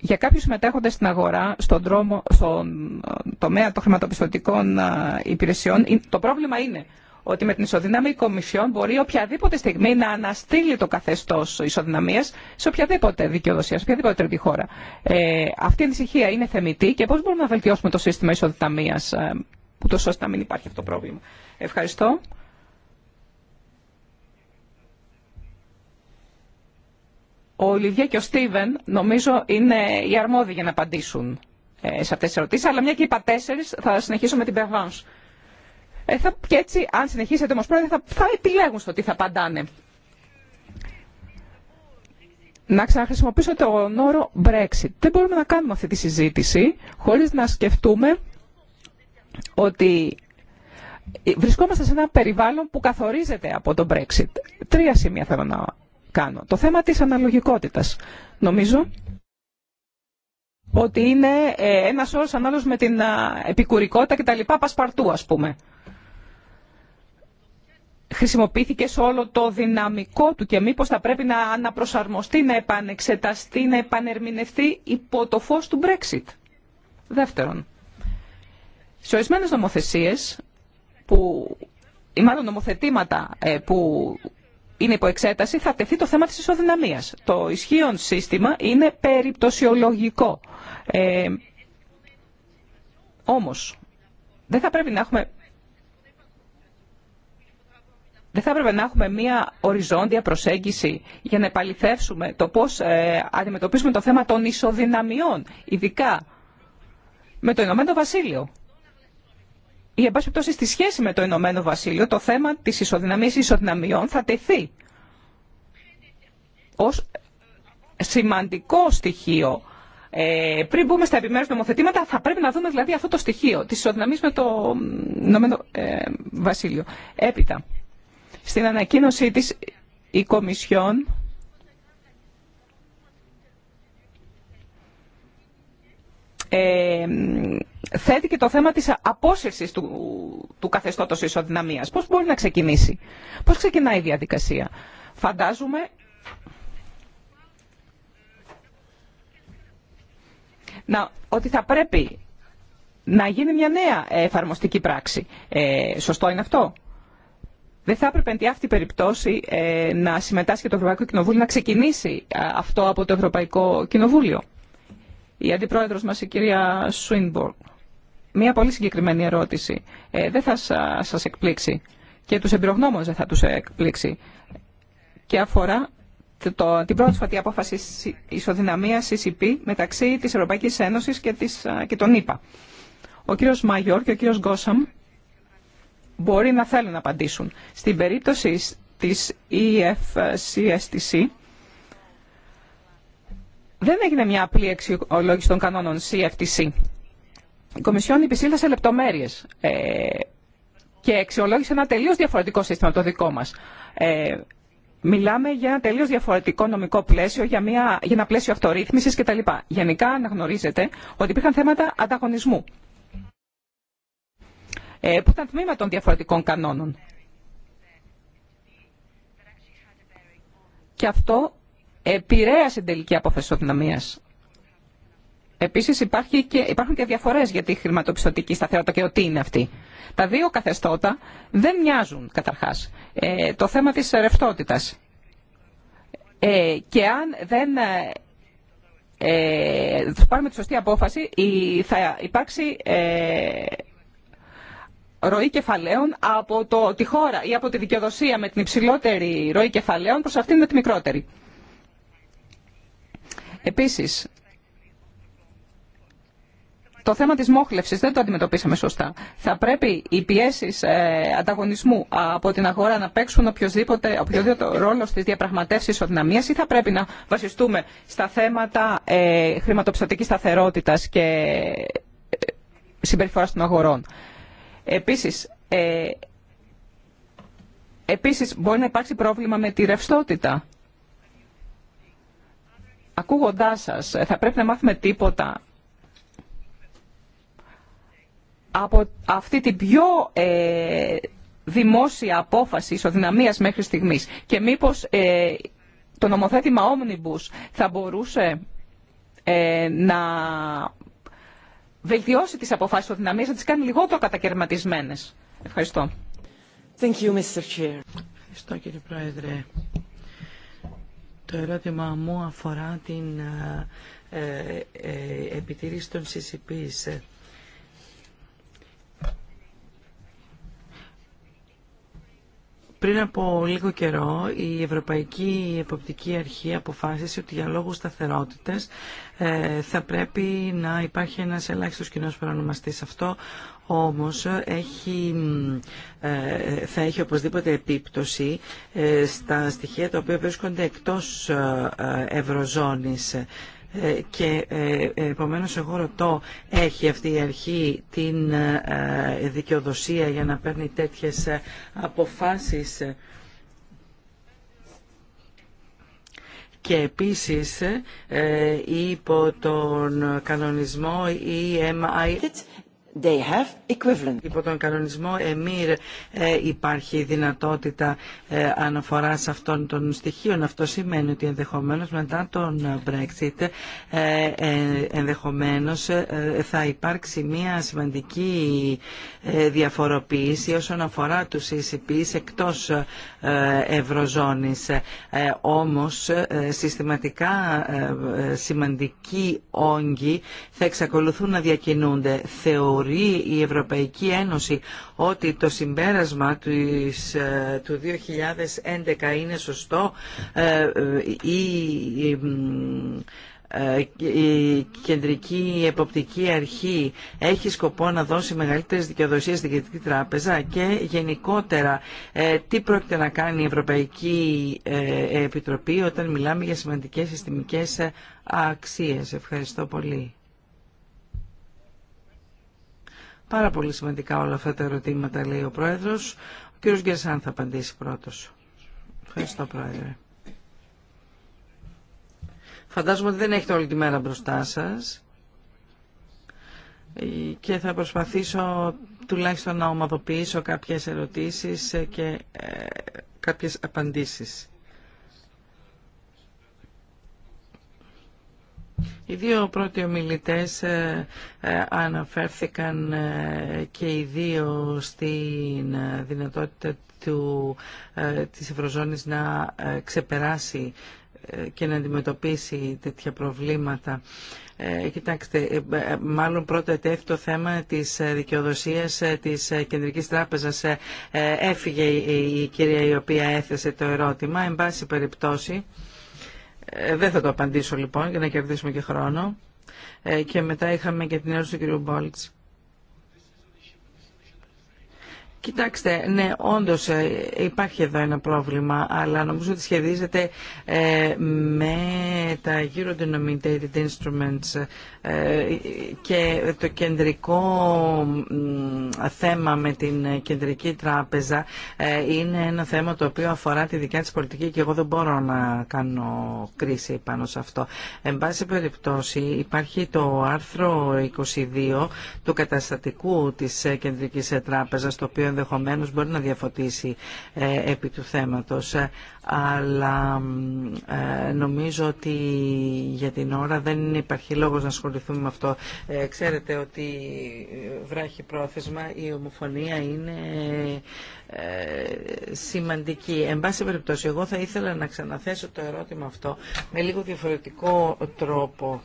Για κάποιους συμμετέχοντες στην αγορά, στον, δρόμο, στον τομέα των χρηματοπιστωτικών υπηρεσιών, το πρόβλημα είναι ότι με την ισοδύναμη η Κομισιόν μπορεί οποιαδήποτε στιγμή να αναστείλει το καθεστώ ισοδυναμία σε οποιαδήποτε δικαιοδοσία, σε οποιαδήποτε τρίτη χώρα. Ε, αυτή η ανησυχία είναι θεμητή και πώ μπορούμε να βελτιώσουμε το σύστημα ισοδυναμία, ε, ούτω ώστε να μην υπάρχει αυτό το πρόβλημα. Ευχαριστώ. Ο Λιβιέ και ο Στίβεν νομίζω είναι οι αρμόδιοι για να απαντήσουν ε, σε αυτές τις ερωτήσεις, αλλά μια και είπα τέσσερις θα συνεχίσω με την Περβάνς. Ε, και έτσι, αν συνεχίσετε όμως πρώτα θα, θα επιλέγουν στο τι θα απαντάνε. Να ξαναχρησιμοποιήσω τον όρο Brexit. Δεν μπορούμε να κάνουμε αυτή τη συζήτηση χωρίς να σκεφτούμε ότι βρισκόμαστε σε ένα περιβάλλον που καθορίζεται από τον Brexit. Τρία σημεία θέλω να κάνω. Το θέμα της αναλογικότητας. Νομίζω ότι είναι ε, ένας όρος ανάλογος με την επικουρικότητα και τα λοιπά πασπαρτού ας πούμε χρησιμοποιήθηκε σε όλο το δυναμικό του και μήπως θα πρέπει να αναπροσαρμοστεί, να επανεξεταστεί, να επανερμηνευτεί υπό το φως του Brexit. Δεύτερον, σε ορισμένε νομοθεσίες που, ή μάλλον νομοθετήματα ε, που είναι υπό εξέταση, θα τεθεί το θέμα της ισοδυναμίας. Το ισχύον σύστημα είναι περιπτωσιολογικό. Ε, όμως, δεν θα πρέπει να έχουμε δεν θα έπρεπε να έχουμε μία οριζόντια προσέγγιση για να επαληθεύσουμε το πώς ε, αντιμετωπίσουμε το θέμα των ισοδυναμιών, ειδικά με το Ηνωμένο Βασίλειο. Ή, εν πάση στη σχέση με το Ηνωμένο Βασίλειο, το θέμα της ισοδυναμίας ισοδυναμιών θα τεθεί ως σημαντικό στοιχείο. Ε, πριν μπούμε στα επιμέρους νομοθετήματα, θα πρέπει να δούμε δηλαδή αυτό το στοιχείο της ισοδυναμίας με το Ηνωμένο ε, Βασίλειο. Στην ανακοίνωσή της η Κομισιόν ε, θέτει και το θέμα της απόσυρσης του, του καθεστώτος ισοδυναμίας. Πώς μπορεί να ξεκινήσει. Πώς ξεκινάει η διαδικασία. Φαντάζομαι... Να, ότι θα πρέπει να γίνει μια νέα εφαρμοστική πράξη. Ε, σωστό είναι αυτό. Δεν θα έπρεπε εν αυτή περιπτώσει ε, να συμμετάσχει το Ευρωπαϊκό Κοινοβούλιο, να ξεκινήσει αυτό από το Ευρωπαϊκό Κοινοβούλιο. Η αντιπρόεδρος μας, η κυρία Σουίνμπορν. Μία πολύ συγκεκριμένη ερώτηση. Ε, δεν θα σας εκπλήξει και τους εμπειρογνώμους δεν θα τους εκπλήξει. Και αφορά το, την πρόσφατη απόφαση ισοδυναμίας CCP μεταξύ της Ευρωπαϊκής Ένωσης και, της, και των ΗΠΑ. Ο κύριος Μάγιορ και ο κύριος Γκόσαμ μπορεί να θέλουν να απαντήσουν. Στην περίπτωση της EFCSTC δεν έγινε μια απλή αξιολόγηση των κανόνων CFTC. Η Κομισιόν υπησύλθασε λεπτομέρειες ε, και αξιολόγησε ένα τελείως διαφορετικό σύστημα το δικό μας. Ε, μιλάμε για ένα τελείως διαφορετικό νομικό πλαίσιο, για, μια, για ένα πλαίσιο αυτορύθμισης κτλ. Γενικά αναγνωρίζεται ότι υπήρχαν θέματα ανταγωνισμού ε, που ήταν τμήμα των διαφορετικών κανόνων. Και αυτό επηρέασε την τελική απόφαση της Επίση, υπάρχουν και διαφορέ για τη χρηματοπιστωτική σταθερότητα και ότι είναι αυτή. Τα δύο καθεστώτα δεν μοιάζουν καταρχά. Ε, το θέμα τη ρευστότητα. Ε, και αν δεν ε, ε πάρουμε τη σωστή απόφαση, θα υπάρξει ε, ροή κεφαλαίων από το, τη χώρα ή από τη δικαιοδοσία με την υψηλότερη ροή κεφαλαίων προς αυτήν με τη μικρότερη. Επίσης, το θέμα της μόχλευσης δεν το αντιμετωπίσαμε σωστά. Θα πρέπει οι πιέσει ε, ανταγωνισμού από την αγορά να παίξουν οποιοδήποτε, οποιοδήποτε ρόλο στις διαπραγματεύσεις ισοδυναμίας ή θα πρέπει να βασιστούμε στα θέματα ε, χρηματοπιστωτικής σταθερότητας και ε, συμπεριφοράς των αγορών. Επίσης, ε, επίσης μπορεί να υπάρξει πρόβλημα με τη ρευστότητα. Ακούγοντάς σας, ε, θα πρέπει να μάθουμε τίποτα από αυτή την πιο ε, δημόσια απόφαση ισοδυναμίας μέχρι στιγμής και μήπως ε, το νομοθέτημα Omnibus θα μπορούσε ε, να βελτιώσει τις αποφάσεις δυναμίες, να τις κάνει λιγότερο κατακαιρματισμένες. Ευχαριστώ. Thank you, Mr. Chair. Ευχαριστώ κύριε Πρόεδρε. Το ερώτημα μου αφορά την ε, ε, ε επιτήρηση των CCPs. Πριν από λίγο καιρό η Ευρωπαϊκή Εποπτική Αρχή αποφάσισε ότι για λόγους ε, θα πρέπει να υπάρχει ένας ελάχιστος κοινό παρονομαστής. Αυτό όμως έχει, ε, θα έχει οπωσδήποτε επίπτωση ε, στα στοιχεία τα οποία βρίσκονται εκτός ε, ευρωζώνης ε, και ε, επομένως εγώ ρωτώ έχει αυτή η αρχή την ε, δικαιοδοσία για να παίρνει τέτοιες αποφάσεις και επίσης υπό τον κανονισμό EMI They have equivalent. Υπό τον κανονισμό ΕΜΙΡ ε, υπάρχει δυνατότητα ε, αναφοράς αυτών των στοιχείων. Αυτό σημαίνει ότι ενδεχομένως μετά τον Brexit ε, ενδεχομένως θα υπάρξει μια σημαντική διαφοροποίηση όσον αφορά τους ECPs εκτός Ευρωζώνης. Όμως συστηματικά σημαντικοί όγκοι θα εξακολουθούν να διακινούνται. θεωρούν θεωρεί η Ευρωπαϊκή Ένωση ότι το συμπέρασμα ε, του 2011 είναι σωστό ή ε, ε, η κεντρική εποπτική αρχή έχει σκοπό να δώσει μεγαλύτερες δικαιοδοσίες στην Κεντρική Τράπεζα και γενικότερα τι πρόκειται να κάνει η Ευρωπαϊκή Επιτροπή όταν μιλάμε για σημαντικές συστημικές αξίες. Ευχαριστώ πολύ. Πάρα πολύ σημαντικά όλα αυτά τα ερωτήματα, λέει ο Πρόεδρος. Ο κύριος Γκερσάν θα απαντήσει πρώτος. Ευχαριστώ, Πρόεδρε. Φαντάζομαι ότι δεν έχετε όλη τη μέρα μπροστά σα και θα προσπαθήσω τουλάχιστον να ομαδοποιήσω κάποιες ερωτήσεις και ε, κάποιες απαντήσεις. Οι δύο πρώτοι ομιλητές ε, ε, αναφέρθηκαν ε, και οι δύο στην δυνατότητα του, της Ευρωζώνης να ξεπεράσει και να αντιμετωπίσει τέτοια προβλήματα. Ε, κοιτάξτε, μάλλον πρώτο ετέθη το θέμα της δικαιοδοσίας της Κεντρικής Τράπεζας. έφυγε η, η κυρία η οποία έθεσε το ερώτημα. Εν πάση περιπτώσει, ε, δεν θα το απαντήσω λοιπόν για να κερδίσουμε και χρόνο. Ε, και μετά είχαμε και την έρωση του κ. Μπόλτς. Κοιτάξτε, ναι, όντως ε, υπάρχει εδώ ένα πρόβλημα, αλλά νομίζω ότι σχεδίζεται ε, με τα Euro Denominated Instruments ε, και το κεντρικό θέμα με την Κεντρική Τράπεζα είναι ένα θέμα το οποίο αφορά τη δικιά της πολιτική και εγώ δεν μπορώ να κάνω κρίση πάνω σε αυτό. Εν πάση περιπτώσει υπάρχει το άρθρο 22 του καταστατικού της Κεντρικής Τράπεζας, το οποίο ενδεχομένως μπορεί να διαφωτίσει ε, επί του θέματος. Ε, αλλά ε, νομίζω ότι για την ώρα δεν υπάρχει λόγος να ασχοληθούμε με αυτό. Ξέρετε ότι βράχει πρόθεσμα η ομοφωνία είναι σημαντική. Εν πάση περιπτώσει, εγώ θα ήθελα να ξαναθέσω το ερώτημα αυτό με λίγο διαφορετικό τρόπο.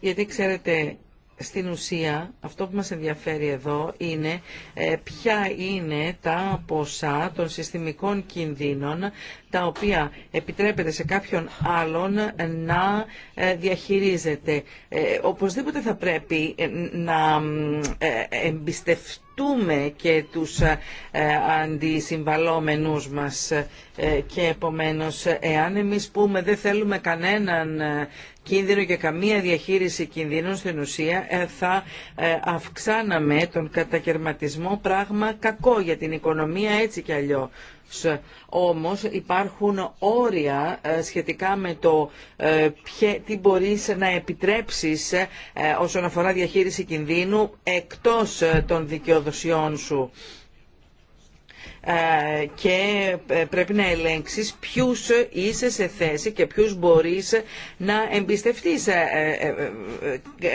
Γιατί ξέρετε, στην ουσία αυτό που μας ενδιαφέρει εδώ είναι ε, ποια είναι τα ποσά των συστημικών κινδύνων τα οποία επιτρέπεται σε κάποιον άλλον να ε, διαχειρίζεται. Ε, οπωσδήποτε θα πρέπει να εμπιστευτούμε και τους ε, αντισυμβαλόμενους μας ε, και επομένως εάν εμείς πούμε δεν θέλουμε κανέναν ε, κίνδυνο και καμία διαχείριση κινδύνων στην ουσία θα αυξάναμε τον κατακαιρματισμό πράγμα κακό για την οικονομία έτσι κι αλλιώ. Όμως υπάρχουν όρια ε, σχετικά με το ε, τι μπορείς να επιτρέψεις ε, όσον αφορά διαχείριση κινδύνου εκτός των δικαιοδοσιών σου. Ε, και ε, πρέπει να ελέγξεις ποιους είσαι σε θέση και ποιους μπορείς να εμπιστευτείς. Ε,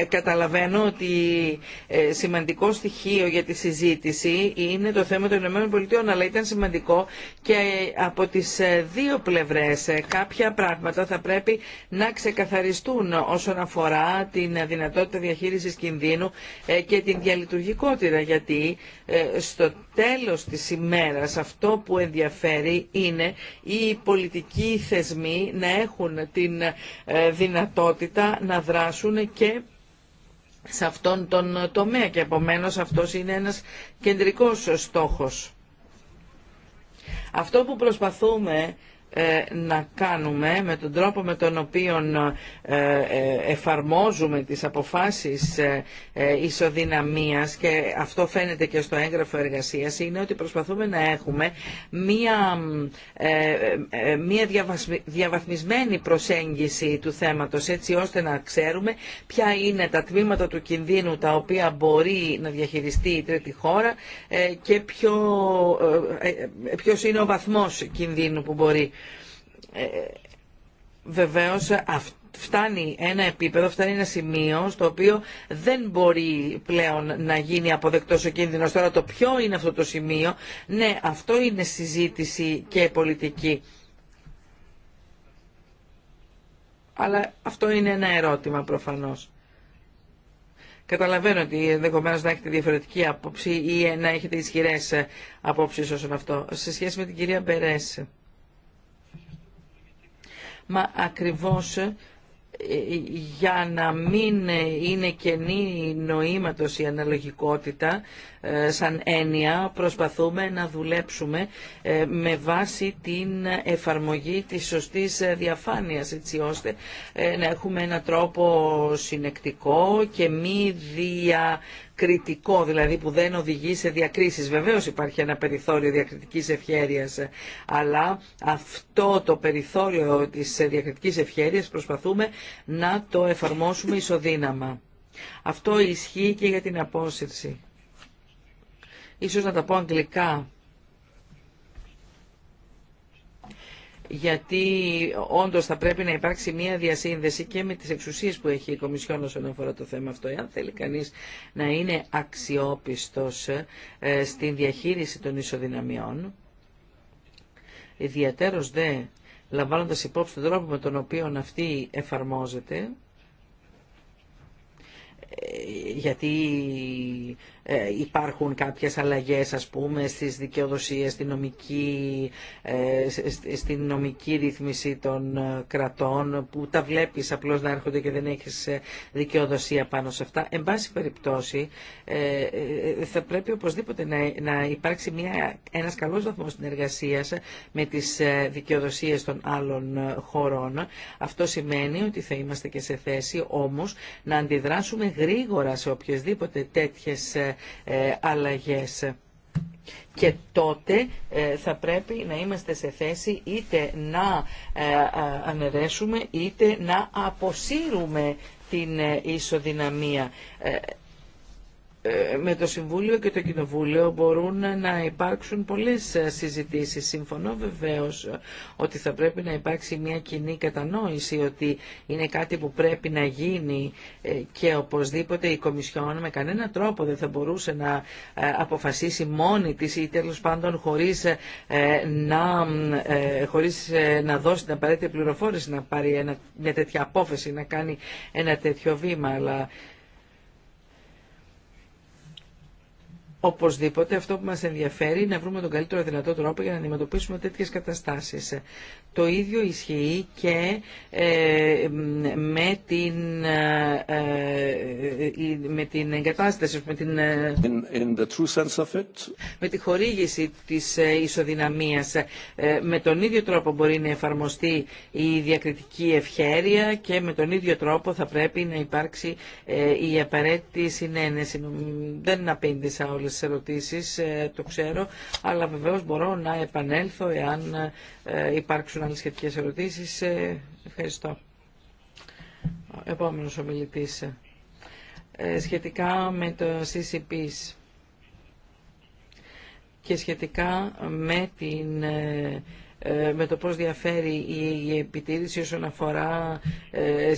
καταλαβαίνω ότι σημαντικό στοιχείο για τη συζήτηση είναι το θέμα των ΗΠΑ, αλλά ήταν σημαντικό και από τις δύο πλευρές. Κάποια πράγματα θα πρέπει να ξεκαθαριστούν όσον αφορά την δυνατότητα διαχείρισης κινδύνου και την διαλειτουργικότητα, γιατί ε, στο τέλος της ημέρας αυτό που ενδιαφέρει είναι οι πολιτικοί θεσμοί να έχουν την ε, δυνατότητα να δράσουν και σε αυτόν τον τομέα και επομένως αυτός είναι ένας κεντρικός στόχος. Αυτό που προσπαθούμε ε, να κάνουμε με τον τρόπο με τον οποίο ε, ε, εφαρμόζουμε τις αποφάσεις ισοδυναμίας και αυτό φαίνεται και στο έγγραφο εργασίας είναι ότι προσπαθούμε να έχουμε μία, μία διαβαθμισμένη προσέγγιση του θέματος έτσι ώστε να ξέρουμε ποια είναι τα τμήματα του κινδύνου τα οποία μπορεί να διαχειριστεί η τρίτη χώρα και ποιο, ποιος είναι ο βαθμός κινδύνου που μπορεί ε, βεβαίως φτάνει ένα επίπεδο, φτάνει ένα σημείο στο οποίο δεν μπορεί πλέον να γίνει αποδεκτός ο κίνδυνος. Τώρα το ποιο είναι αυτό το σημείο, ναι αυτό είναι συζήτηση και πολιτική. Αλλά αυτό είναι ένα ερώτημα προφανώς. Καταλαβαίνω ότι ενδεχομένω να έχετε διαφορετική άποψη ή να έχετε ισχυρέ ε, απόψει όσον αυτό. Σε σχέση με την κυρία Μπερέσε Μα ακριβώς ε, για να μην είναι κενή νοήματος η αναλογικότητα ε, σαν έννοια προσπαθούμε να δουλέψουμε ε, με βάση την εφαρμογή της σωστής διαφάνειας έτσι ώστε ε, να έχουμε ένα τρόπο συνεκτικό και μη διακριτικό, δηλαδή που δεν οδηγεί σε διακρίσεις. Βεβαίως υπάρχει ένα περιθώριο διακριτικής ευχέρειας, αλλά αυτό το περιθώριο της διακριτικής ευχέρειας προσπαθούμε να το εφαρμόσουμε ισοδύναμα. Αυτό ισχύει και για την απόσυρση. Ίσως να τα πω αγγλικά. γιατί όντως θα πρέπει να υπάρξει μια διασύνδεση και με τις εξουσίες που έχει η Κομισιόν όσον αφορά το θέμα αυτό. Εάν θέλει κανείς να είναι αξιόπιστος ε, στην διαχείριση των ισοδυναμιών, ιδιαίτερος δε λαμβάνοντας υπόψη τον τρόπο με τον οποίο αυτή εφαρμόζεται, ε, γιατί ε, υπάρχουν κάποιες αλλαγές ας πούμε στις δικαιοδοσίες, στην νομική, ε, στην νομική ρύθμιση των ε, κρατών που τα βλέπεις απλώς να έρχονται και δεν έχεις δικαιοδοσία πάνω σε αυτά. Εν πάση περιπτώσει θα πρέπει οπωσδήποτε να, υπάρξει μια, ένας καλός βαθμός συνεργασίας με τις δικαιοδοσίες των άλλων χωρών. Αυτό σημαίνει ότι θα είμαστε και σε θέση όμως να αντιδράσουμε γρήγορα σε οποιασδήποτε τέτοιες ε, αλλαγές. Και τότε ε, θα πρέπει να είμαστε σε θέση είτε να ε, αναιρέσουμε είτε να αποσύρουμε την ισοδυναμία. Ε, με το Συμβούλιο και το Κοινοβούλιο μπορούν να υπάρξουν πολλές ε, συζητήσεις. Συμφωνώ βεβαίως ε, ότι θα πρέπει να υπάρξει μια κοινή κατανόηση ότι είναι κάτι που πρέπει να γίνει και οπωσδήποτε η Κομισιόν με κανένα τρόπο δεν θα μπορούσε να αποφασίσει μόνη της ή τέλος πάντων χωρίς να, χωρίς να δώσει την απαραίτητη πληροφόρηση να πάρει μια τέτοια απόφαση, να κάνει ένα τέτοιο βήμα. Αλλά Οπωσδήποτε αυτό που μας ενδιαφέρει είναι να βρούμε τον καλύτερο δυνατό τρόπο για να αντιμετωπίσουμε τέτοιες καταστάσεις. Το ίδιο ισχύει και ε, με, την, ε, ε, με την εγκατάσταση, με την, in, the true sense of it. με τη χορήγηση της ισοδυναμίας. με τον ίδιο τρόπο μπορεί να εφαρμοστεί η διακριτική ευχέρεια και με τον ίδιο τρόπο θα πρέπει να υπάρξει η απαραίτητη συνένεση. Δεν απήντησα όλες Ερωτήσει ε, το ξέρω, αλλά βεβαίως μπορώ να επανέλθω εάν ε, υπάρξουν άλλες σχετικές ερωτήσεις. Ε, ευχαριστώ. Επόμενος ομιλητής. Σχετικά με το CCPs και σχετικά με με το πώς διαφέρει η επιτήρηση όσον αφορά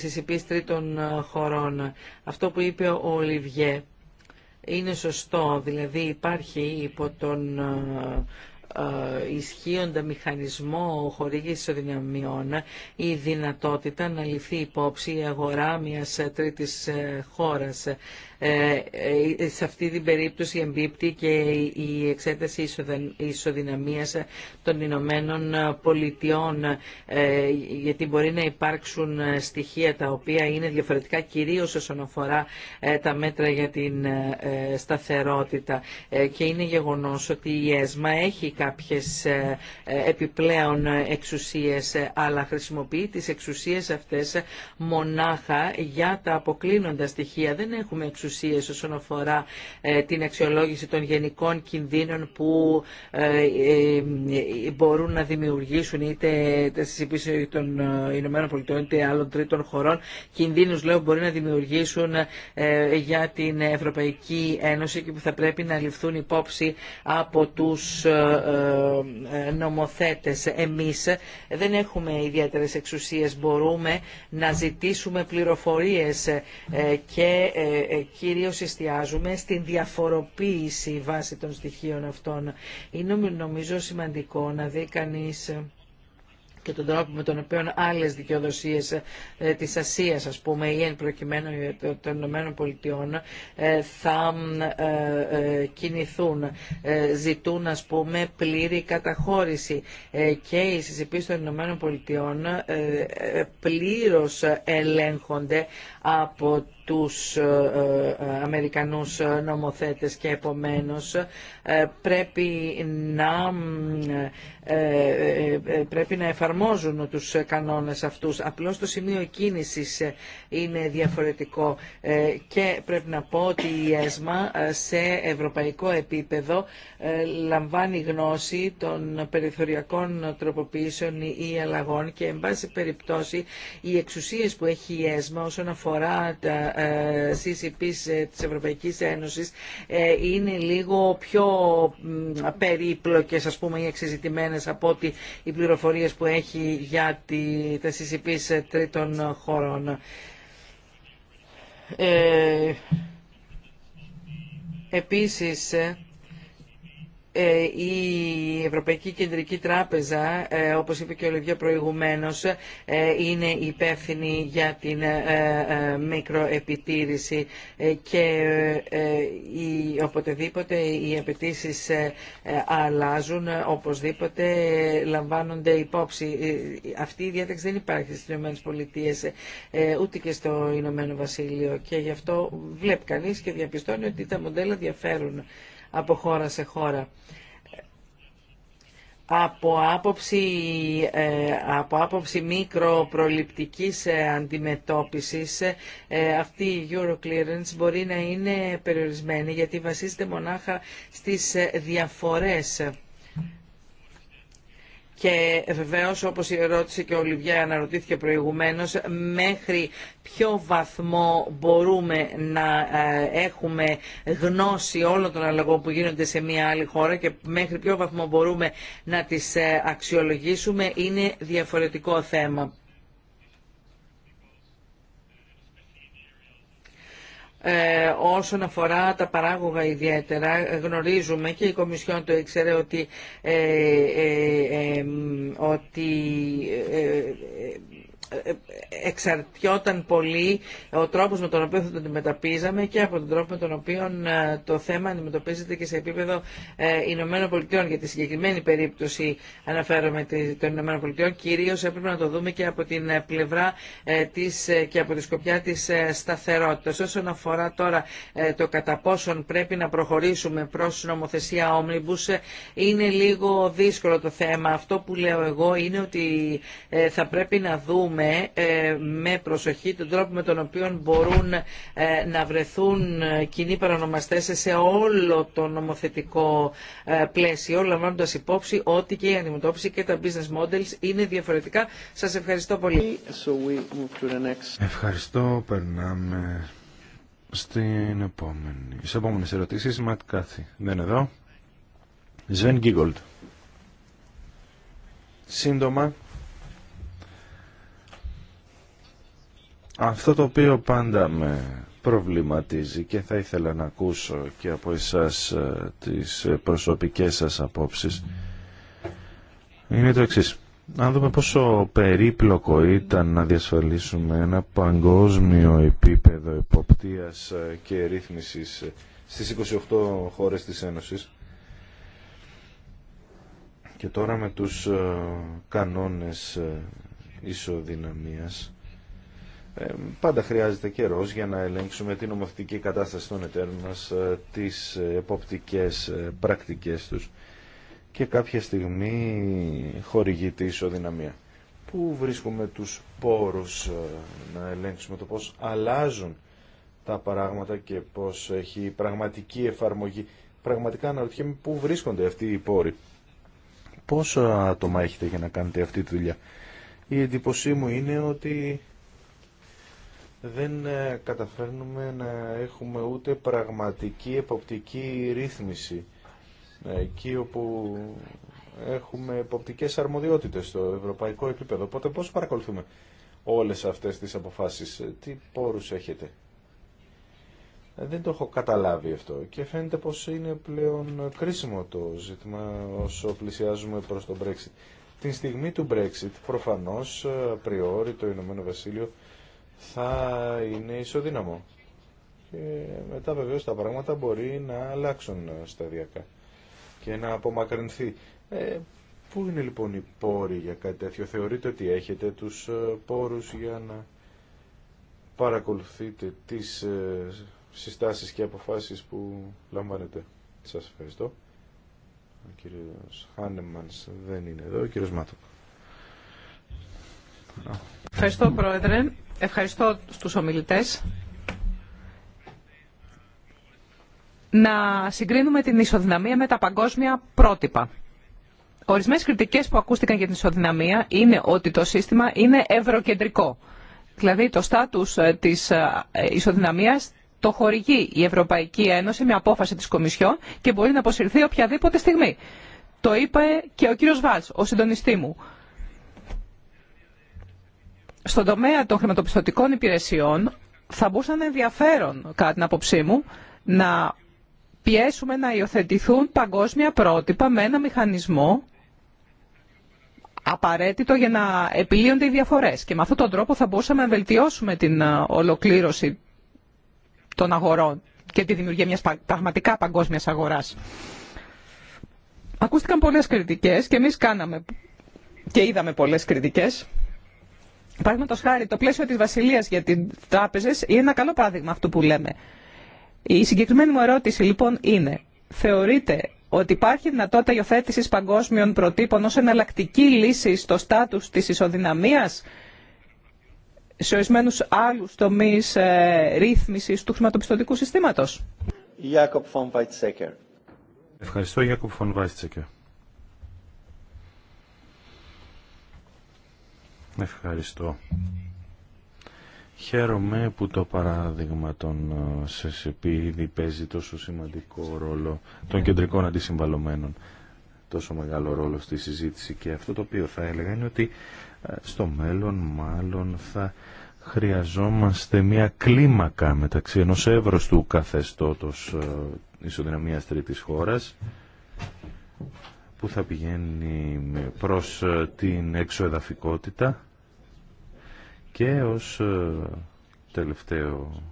CCP τρίτων χωρών. Αυτό που είπε ο Ολιβιέ είναι σωστό. Δηλαδή υπάρχει υπό τον ε, ε, ισχύοντα μηχανισμό χορήγηση οδυναμιών η δυνατότητα να ληφθεί υπόψη η αγορά μιας ε, τρίτης χώρας. Ε, ε, σε αυτή την περίπτωση εμπίπτει και η εξέταση ισοδυναμίας των Ηνωμένων Πολιτειών ε, γιατί μπορεί να υπάρξουν στοιχεία τα οποία είναι διαφορετικά κυρίως όσον αφορά τα μέτρα για την σταθερότητα και είναι γεγονός ότι η ΕΣΜΑ έχει κάποιες επιπλέον εξουσίες αλλά χρησιμοποιεί τις εξουσίες αυτές μονάχα για τα αποκλίνοντα στοιχεία. Δεν έχουμε εξουσίες όσον αφορά ε, την αξιολόγηση των γενικών κινδύνων που ε, ε, μπορούν να δημιουργήσουν είτε στις επίσης των Ηνωμένων Πολιτών είτε άλλων τρίτων χωρών κινδύνους λέω μπορεί να δημιουργήσουν για την Ευρωπαϊκή Ένωση και που θα πρέπει να ληφθούν υπόψη από τους νομοθέτες. Εμείς δεν έχουμε ιδιαίτερες εξουσίες, μπορούμε να ζητήσουμε πληροφορίες και κυρίως εστιάζουμε στην διαφοροποίηση βάσει των στοιχείων αυτών. Είναι νομίζω σημαντικό να δει κανείς ε, και τον τρόπο με τον οποίο άλλε δικαιοδοσίε ε, τη Ασία, α πούμε, ή εν προκειμένου ε, των Ηνωμένων Πολιτειών, θα κινηθούν. Ζητούν, α πούμε, πλήρη καταχώρηση. Και οι συζητήσει των Ηνωμένων Πολιτειών πλήρω ελέγχονται από τους ε, ε, ε, Αμερικανούς νομοθέτες και επομένως πρέπει να, πρέπει να εφαρμόζουν τους κανόνες αυτούς. Απλώς το σημείο κίνησης είναι διαφορετικό και πρέπει να πω ότι η ΕΣΜΑ σε ευρωπαϊκό επίπεδο λαμβάνει γνώση των περιθωριακών τροποποιήσεων ή αλλαγών και εν πάση περιπτώσει οι εξουσίες που έχει η ΕΣΜΑ όσον αφορά τα CCP ε, ε, ε, της Ευρωπαϊκής Ένωσης είναι λίγο πιο περίπλοκες ας πούμε ή εξεζητημένες από ότι οι πληροφορίες που έχει για τα CCP τρίτων χωρών. Επίση. επίσης, ε, η Ευρωπαϊκή Κεντρική Τράπεζα, ε, όπως είπε και ο Λεβιό προηγουμένως, ε, είναι υπεύθυνη για την μικροεπιτήρηση και η, οποτεδήποτε οι απαιτήσει αλλάζουν, οπωσδήποτε λαμβάνονται υπόψη. Αυτή η διάταξη δεν υπάρχει στις ΗΠΑ, ούτε και στο Ηνωμένο Βασίλειο και γι' αυτό βλέπει κανείς και διαπιστώνει ότι τα μοντέλα διαφέρουν από χώρα σε χώρα. Από άποψη, ε, από άποψη μικροπροληπτικής ε, αντιμετώπισης ε, αυτή η Euroclearance μπορεί να είναι περιορισμένη γιατί βασίζεται μονάχα στις διαφορές και όπω η ερώτηση και ο Λιβιά αναρωτήθηκε προηγουμένως μέχρι ποιο βαθμό μπορούμε να ε, έχουμε γνώση όλων των αλλαγών που γίνονται σε μια άλλη χώρα και μέχρι ποιο βαθμό μπορούμε να τις ε, αξιολογήσουμε είναι διαφορετικό θέμα. Ε, όσον αφορά τα παράγωγα ιδιαίτερα, γνωρίζουμε και η Κομισιόν το ήξερε ότι, ε, ε, ότι εξαρτιόταν πολύ ο τρόπος με τον οποίο θα το αντιμεταπίζαμε και από τον τρόπο με τον οποίο ε, το θέμα αντιμετωπίζεται και σε επίπεδο ε, Ηνωμένων Πολιτειών. Για τη συγκεκριμένη περίπτωση αναφέρομαι των Ηνωμένων Πολιτειών, κυρίως έπρεπε να το δούμε και από την ε, πλευρά της, και από τη σκοπιά της σταθερότητας. Όσον αφορά τώρα το κατά πόσον πρέπει να προχωρήσουμε προς νομοθεσία Omnibus, είναι λίγο δύσκολο το θέμα. Αυτό που λέω εγώ είναι ότι θα πρέπει να δούμε ε, με προσοχή τον τρόπο με τον οποίο μπορούν ε, να βρεθούν ε, κοινοί παρανομαστές σε όλο το νομοθετικό πλαίσιο, λαμβάνοντα υπόψη ότι και η αντιμετώπιση και τα business models είναι διαφορετικά. Σας ευχαριστώ πολύ. Ευχαριστώ. Περνάμε στην επόμενη. Στις επόμενες ερωτήσεις, Ματ Κάθι Δεν εδώ. Σβέν Γκίγκολτ. Σύντομα, Αυτό το οποίο πάντα με προβληματίζει και θα ήθελα να ακούσω και από εσάς ε, τις προσωπικές σας απόψεις είναι το εξής. Αν δούμε πόσο περίπλοκο ήταν να διασφαλίσουμε ένα παγκόσμιο επίπεδο εποπτείας ε, και ρύθμισης ε, στις 28 χώρες της Ένωσης και τώρα με τους κανόνες ισοδυναμίας ε, πάντα χρειάζεται καιρό για να ελέγξουμε την ομοθετική κατάσταση των εταίρων μας, ε, τις εποπτικές ε, πρακτικές τους και κάποια στιγμή χορηγείται ισοδυναμία. Πού βρίσκουμε τους πόρους να ελέγξουμε το πώς αλλάζουν τα παράγματα και πώς έχει πραγματική εφαρμογή. Πραγματικά αναρωτιέμαι πού βρίσκονται αυτοί οι πόροι. Πόσα άτομα έχετε για να κάνετε αυτή τη δουλειά. Η εντύπωσή μου είναι ότι δεν ε, καταφέρνουμε να έχουμε ούτε πραγματική εποπτική ρύθμιση ε, εκεί όπου έχουμε εποπτικές αρμοδιότητες στο ευρωπαϊκό επίπεδο. Οπότε πώς παρακολουθούμε όλες αυτές τις αποφάσεις, ε, τι πόρους έχετε. Δεν το έχω καταλάβει αυτό και φαίνεται πως είναι πλέον κρίσιμο το ζήτημα όσο πλησιάζουμε προς τον Brexit. Την στιγμή του Brexit προφανώς πριόρι το Ηνωμένο Βασίλειο θα είναι ισοδύναμο. Και μετά βεβαίω τα πράγματα μπορεί να αλλάξουν σταδιακά και να απομακρυνθεί. Ε, πού είναι λοιπόν οι πόροι για κάτι τέτοιο. Θεωρείτε ότι έχετε τους ε, πόρους για να παρακολουθείτε τις ε, συστάσεις και αποφάσεις που λαμβάνετε. Σας ευχαριστώ. Ο κύριος Χάνεμανς δεν είναι εδώ. Ο κύριος Μάτοκ Ευχαριστώ, Πρόεδρε. Ευχαριστώ στους ομιλητές. Να συγκρίνουμε την ισοδυναμία με τα παγκόσμια πρότυπα. Ορισμένε κριτικέ που ακούστηκαν για την ισοδυναμία είναι ότι το σύστημα είναι ευρωκεντρικό. Δηλαδή το στάτου ε, τη ε, ισοδυναμία το χορηγεί η Ευρωπαϊκή Ένωση με απόφαση τη Κομισιόν και μπορεί να αποσυρθεί οποιαδήποτε στιγμή. Το είπε και ο κύριο Βάλ, ο συντονιστή μου στον τομέα των χρηματοπιστωτικών υπηρεσιών θα μπορούσαν να ενδιαφέρον, κατά την άποψή μου, να πιέσουμε να υιοθετηθούν παγκόσμια πρότυπα με ένα μηχανισμό απαραίτητο για να επιλύονται οι διαφορές. Και με αυτόν τον τρόπο θα μπορούσαμε να βελτιώσουμε την ε, ολοκλήρωση των αγορών και τη δημιουργία μιας πραγματικά παγκόσμιας αγοράς. Ακούστηκαν πολλές κριτικές και εμείς κάναμε και είδαμε πολλές κριτικές. Παραδείγματο χάρη, το πλαίσιο τη Βασιλεία για τι τράπεζε είναι ένα καλό παράδειγμα αυτού που λέμε. Η συγκεκριμένη μου ερώτηση λοιπόν είναι, θεωρείτε ότι υπάρχει δυνατότητα υιοθέτηση παγκόσμιων προτύπων ω εναλλακτική λύση στο στάτου τη ισοδυναμία σε ορισμένου άλλου τομεί ε, ρύθμιση του χρηματοπιστωτικού συστήματο. Ευχαριστώ, Ιάκοπ Φον Βάιτσέκερ. Ευχαριστώ. Χαίρομαι που το παράδειγμα των ε, ΣΕΣΕΠΗ ήδη παίζει τόσο σημαντικό ρόλο των κεντρικών αντισυμβαλωμένων τόσο μεγάλο ρόλο στη συζήτηση και αυτό το οποίο θα έλεγα είναι ότι ε, στο μέλλον μάλλον θα χρειαζόμαστε μια κλίμακα μεταξύ ενός εύρος του καθεστώτος ε, ισοδυναμίας τρίτης χώρας που θα πηγαίνει προς ε, την εξοεδαφικότητα και ως ε, τελευταίο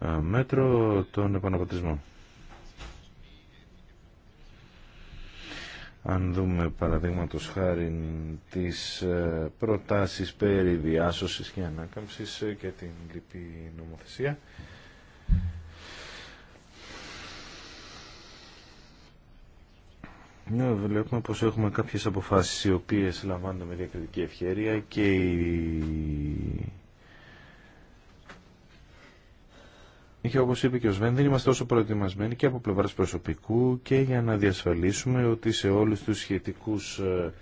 ε, μέτρο τον επαναπατρισμό. Αν δούμε παραδείγματο χάρη τις προτάσεις περί διάσωσης και ανάκαμψης και την λυπή νομοθεσία, Ναι, βλέπουμε πως έχουμε κάποιες αποφάσεις οι οποίες λαμβάνονται με διακριτική ευχαίρεια και η... Και όπως είπε και ο Σβέν, δεν είμαστε τόσο προετοιμασμένοι και από πλευράς προσωπικού και για να διασφαλίσουμε ότι σε όλους τους σχετικούς ε,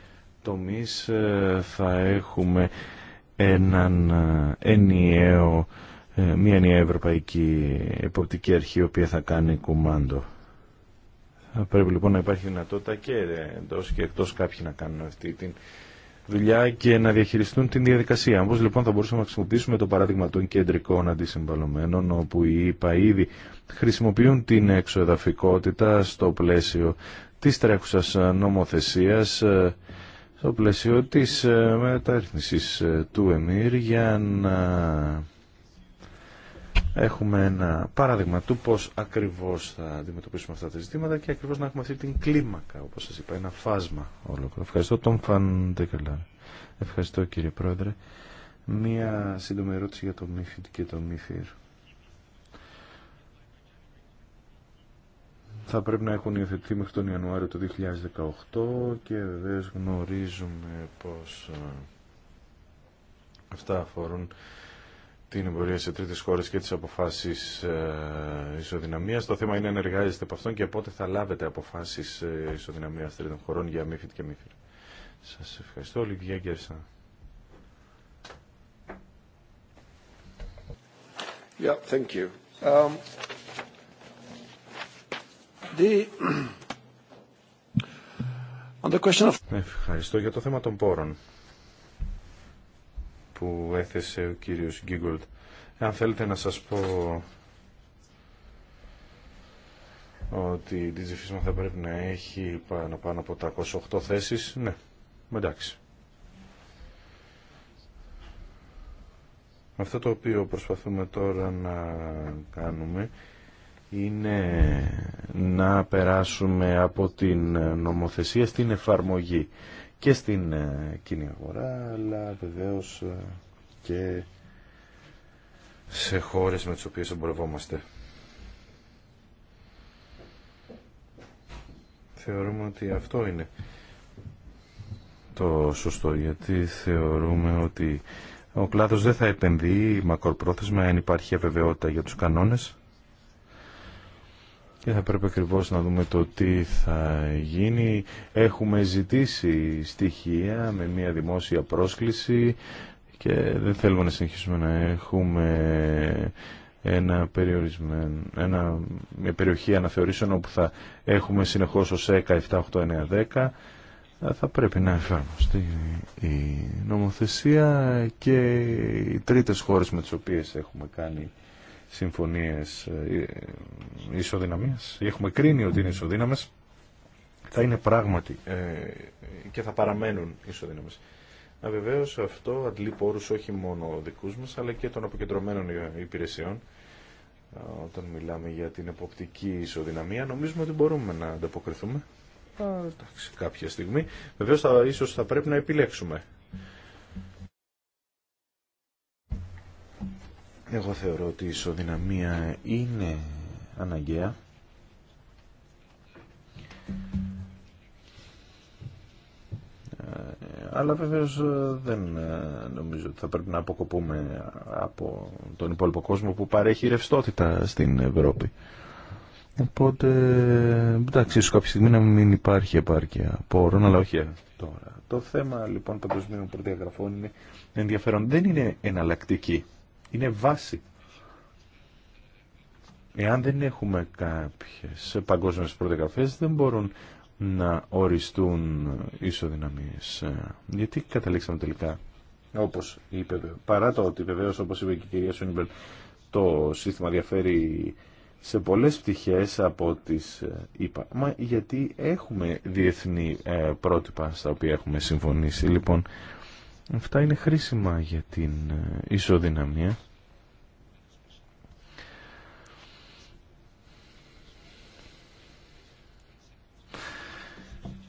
τομείς ε, θα έχουμε έναν ε, ενιαίο, μια ενιαία ευρωπαϊκή εποπτική αρχή, η οποία θα κάνει κουμάντο. Πρέπει λοιπόν να υπάρχει δυνατότητα και εντό και εκτό κάποιοι να κάνουν αυτή τη δουλειά και να διαχειριστούν την διαδικασία. Πώ λοιπόν θα μπορούσαμε να χρησιμοποιήσουμε το παράδειγμα των κεντρικών αντισυμβαλωμένων, όπου οι ΙΠΑ ήδη χρησιμοποιούν την εξοδαφικότητα στο πλαίσιο τη τρέχουσα νομοθεσία, στο πλαίσιο τη μεταρρύθμιση του ΕΜΗΡ για να έχουμε ένα παράδειγμα του πώς ακριβώς θα αντιμετωπίσουμε αυτά τα ζητήματα και ακριβώς να έχουμε αυτή την κλίμακα, όπως σας είπα, ένα φάσμα ολόκληρο. Ευχαριστώ τον Φαν Ντεκελάρ. Ευχαριστώ κύριε Πρόεδρε. Μία σύντομη ερώτηση για το μύθι και το ΜΥΦΙΡ. Θα πρέπει να έχουν υιοθετηθεί μέχρι τον Ιανουάριο του 2018 και βεβαίως γνωρίζουμε πως ε, αυτά αφορούν την εμπορία σε τρίτες χώρες και τις αποφάσεις ε, ισοδυναμίας. Το θέμα είναι αν εργάζεστε από αυτόν και πότε θα λάβετε αποφάσεις ε, ισοδυναμίας τρίτων χωρών για μύφιτ και μύφιτ. Σας ευχαριστώ. Ολυβιά Γκέρσα. Yeah, thank you. Um, the... On the question of... Ευχαριστώ για το θέμα των πόρων που έθεσε ο κύριος Γκίγκολτ. Αν θέλετε να σας πω ότι η DigiFisma θα πρέπει να έχει πάνω, πάνω από 308 θέσεις, ναι, εντάξει. Αυτό το οποίο προσπαθούμε τώρα να κάνουμε είναι να περάσουμε από την νομοθεσία στην εφαρμογή και στην ε, κοινή αγορά, αλλά βεβαίως ε, και σε χώρες με τις οποίες εμπορευόμαστε. Θεωρούμε ότι αυτό είναι το σωστό, γιατί θεωρούμε ότι ο κλάδος δεν θα επενδύει μακροπρόθεσμα αν υπάρχει αβεβαιότητα για τους κανόνες και θα πρέπει ακριβώ να δούμε το τι θα γίνει. Έχουμε ζητήσει στοιχεία με μια δημόσια πρόσκληση και δεν θέλουμε να συνεχίσουμε να έχουμε ένα ένα, μια περιοχή αναθεωρήσεων όπου θα έχουμε συνεχώς ως 10, 7, 8, 9, 10 θα πρέπει να εφαρμοστεί η νομοθεσία και οι τρίτες χώρες με τις οποίες έχουμε κάνει συμφωνίες ε, ε, ισοδυναμίας. Έχουμε κρίνει ότι είναι ισοδύναμες. Θα είναι πράγματι ε, και θα παραμένουν ισοδύναμες. Βεβαίω αυτό αντλεί πόρους όχι μόνο δικούς μας αλλά και των αποκεντρωμένων υπηρεσιών όταν μιλάμε για την εποπτική ισοδυναμία, νομίζουμε ότι μπορούμε να ανταποκριθούμε. εντάξει, κάποια στιγμή. Βεβαίω, θα, ίσως θα πρέπει να επιλέξουμε. Εγώ θεωρώ ότι η ισοδυναμία είναι αναγκαία. Ε, αλλά βεβαίω ε, δεν ε, νομίζω ότι θα πρέπει να αποκοπούμε από τον υπόλοιπο κόσμο που παρέχει ρευστότητα στην Ευρώπη. Οπότε, εντάξει, ίσως κάποια στιγμή να μην υπάρχει επάρκεια πόρων, αλλά όχι τώρα. Το θέμα λοιπόν προσμήνων προδιαγραφών είναι ενδιαφέρον. Δεν είναι εναλλακτική είναι βάση. Εάν δεν έχουμε κάποιες παγκόσμιες προδιαγραφές δεν μπορούν να οριστούν ισοδυναμίες. Γιατί καταλήξαμε τελικά, όπως είπε, παρά το ότι βεβαίως όπως είπε και η κυρία το σύστημα διαφέρει σε πολλές πτυχές από τις ε, είπα. Μα γιατί έχουμε διεθνή ε, πρότυπα στα οποία έχουμε συμφωνήσει. Λοιπόν, Αυτά είναι χρήσιμα για την ε, ισοδυναμία.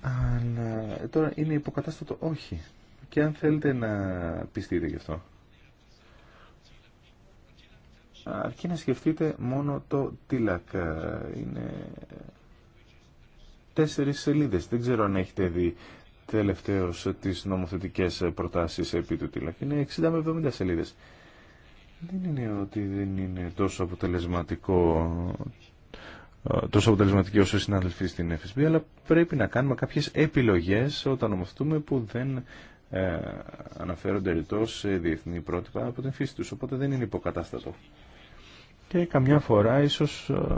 Αλλά ε, τώρα είναι υποκατάστατο όχι. Και αν θέλετε να πιστείτε γι' αυτό. Αρκεί να σκεφτείτε μόνο το τίλακ. Ε, είναι τέσσερις σελίδες. Δεν ξέρω αν έχετε δει τελευταίω τις νομοθετικέ προτάσεις επί του ΤΙΛΑΚ. Είναι 60 με 70 σελίδες. Δεν είναι ότι δεν είναι τόσο αποτελεσματικό τόσο αποτελεσματική όσο συνάδελφοι στην FSB, αλλά πρέπει να κάνουμε κάποιες επιλογές όταν νομοθετούμε που δεν ε, αναφέρονται ρητό σε διεθνή πρότυπα από την φύση τους. Οπότε δεν είναι υποκατάστατο. Και καμιά φορά ίσως ε,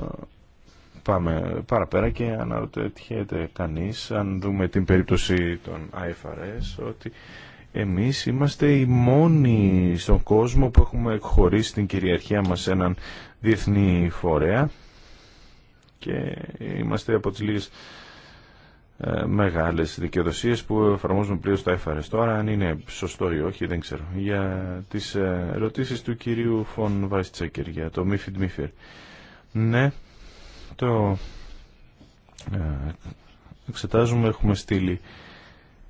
πάμε παραπέρα και αναρωτιέται κανείς αν δούμε την περίπτωση των IFRS ότι εμείς είμαστε οι μόνοι στον κόσμο που έχουμε χωρίσει την κυριαρχία μας σε έναν διεθνή φορέα και είμαστε από τις λίγες ε, μεγάλες δικαιοδοσίες που εφαρμόζουν πλήρως τα IFRS. Τώρα αν είναι σωστό ή όχι δεν ξέρω. Για τις ε, ερωτήσεις του κυρίου Φων Βάιστσέκερ για το MIFID MIFIR. Ναι, το ε, εξετάζουμε, έχουμε στείλει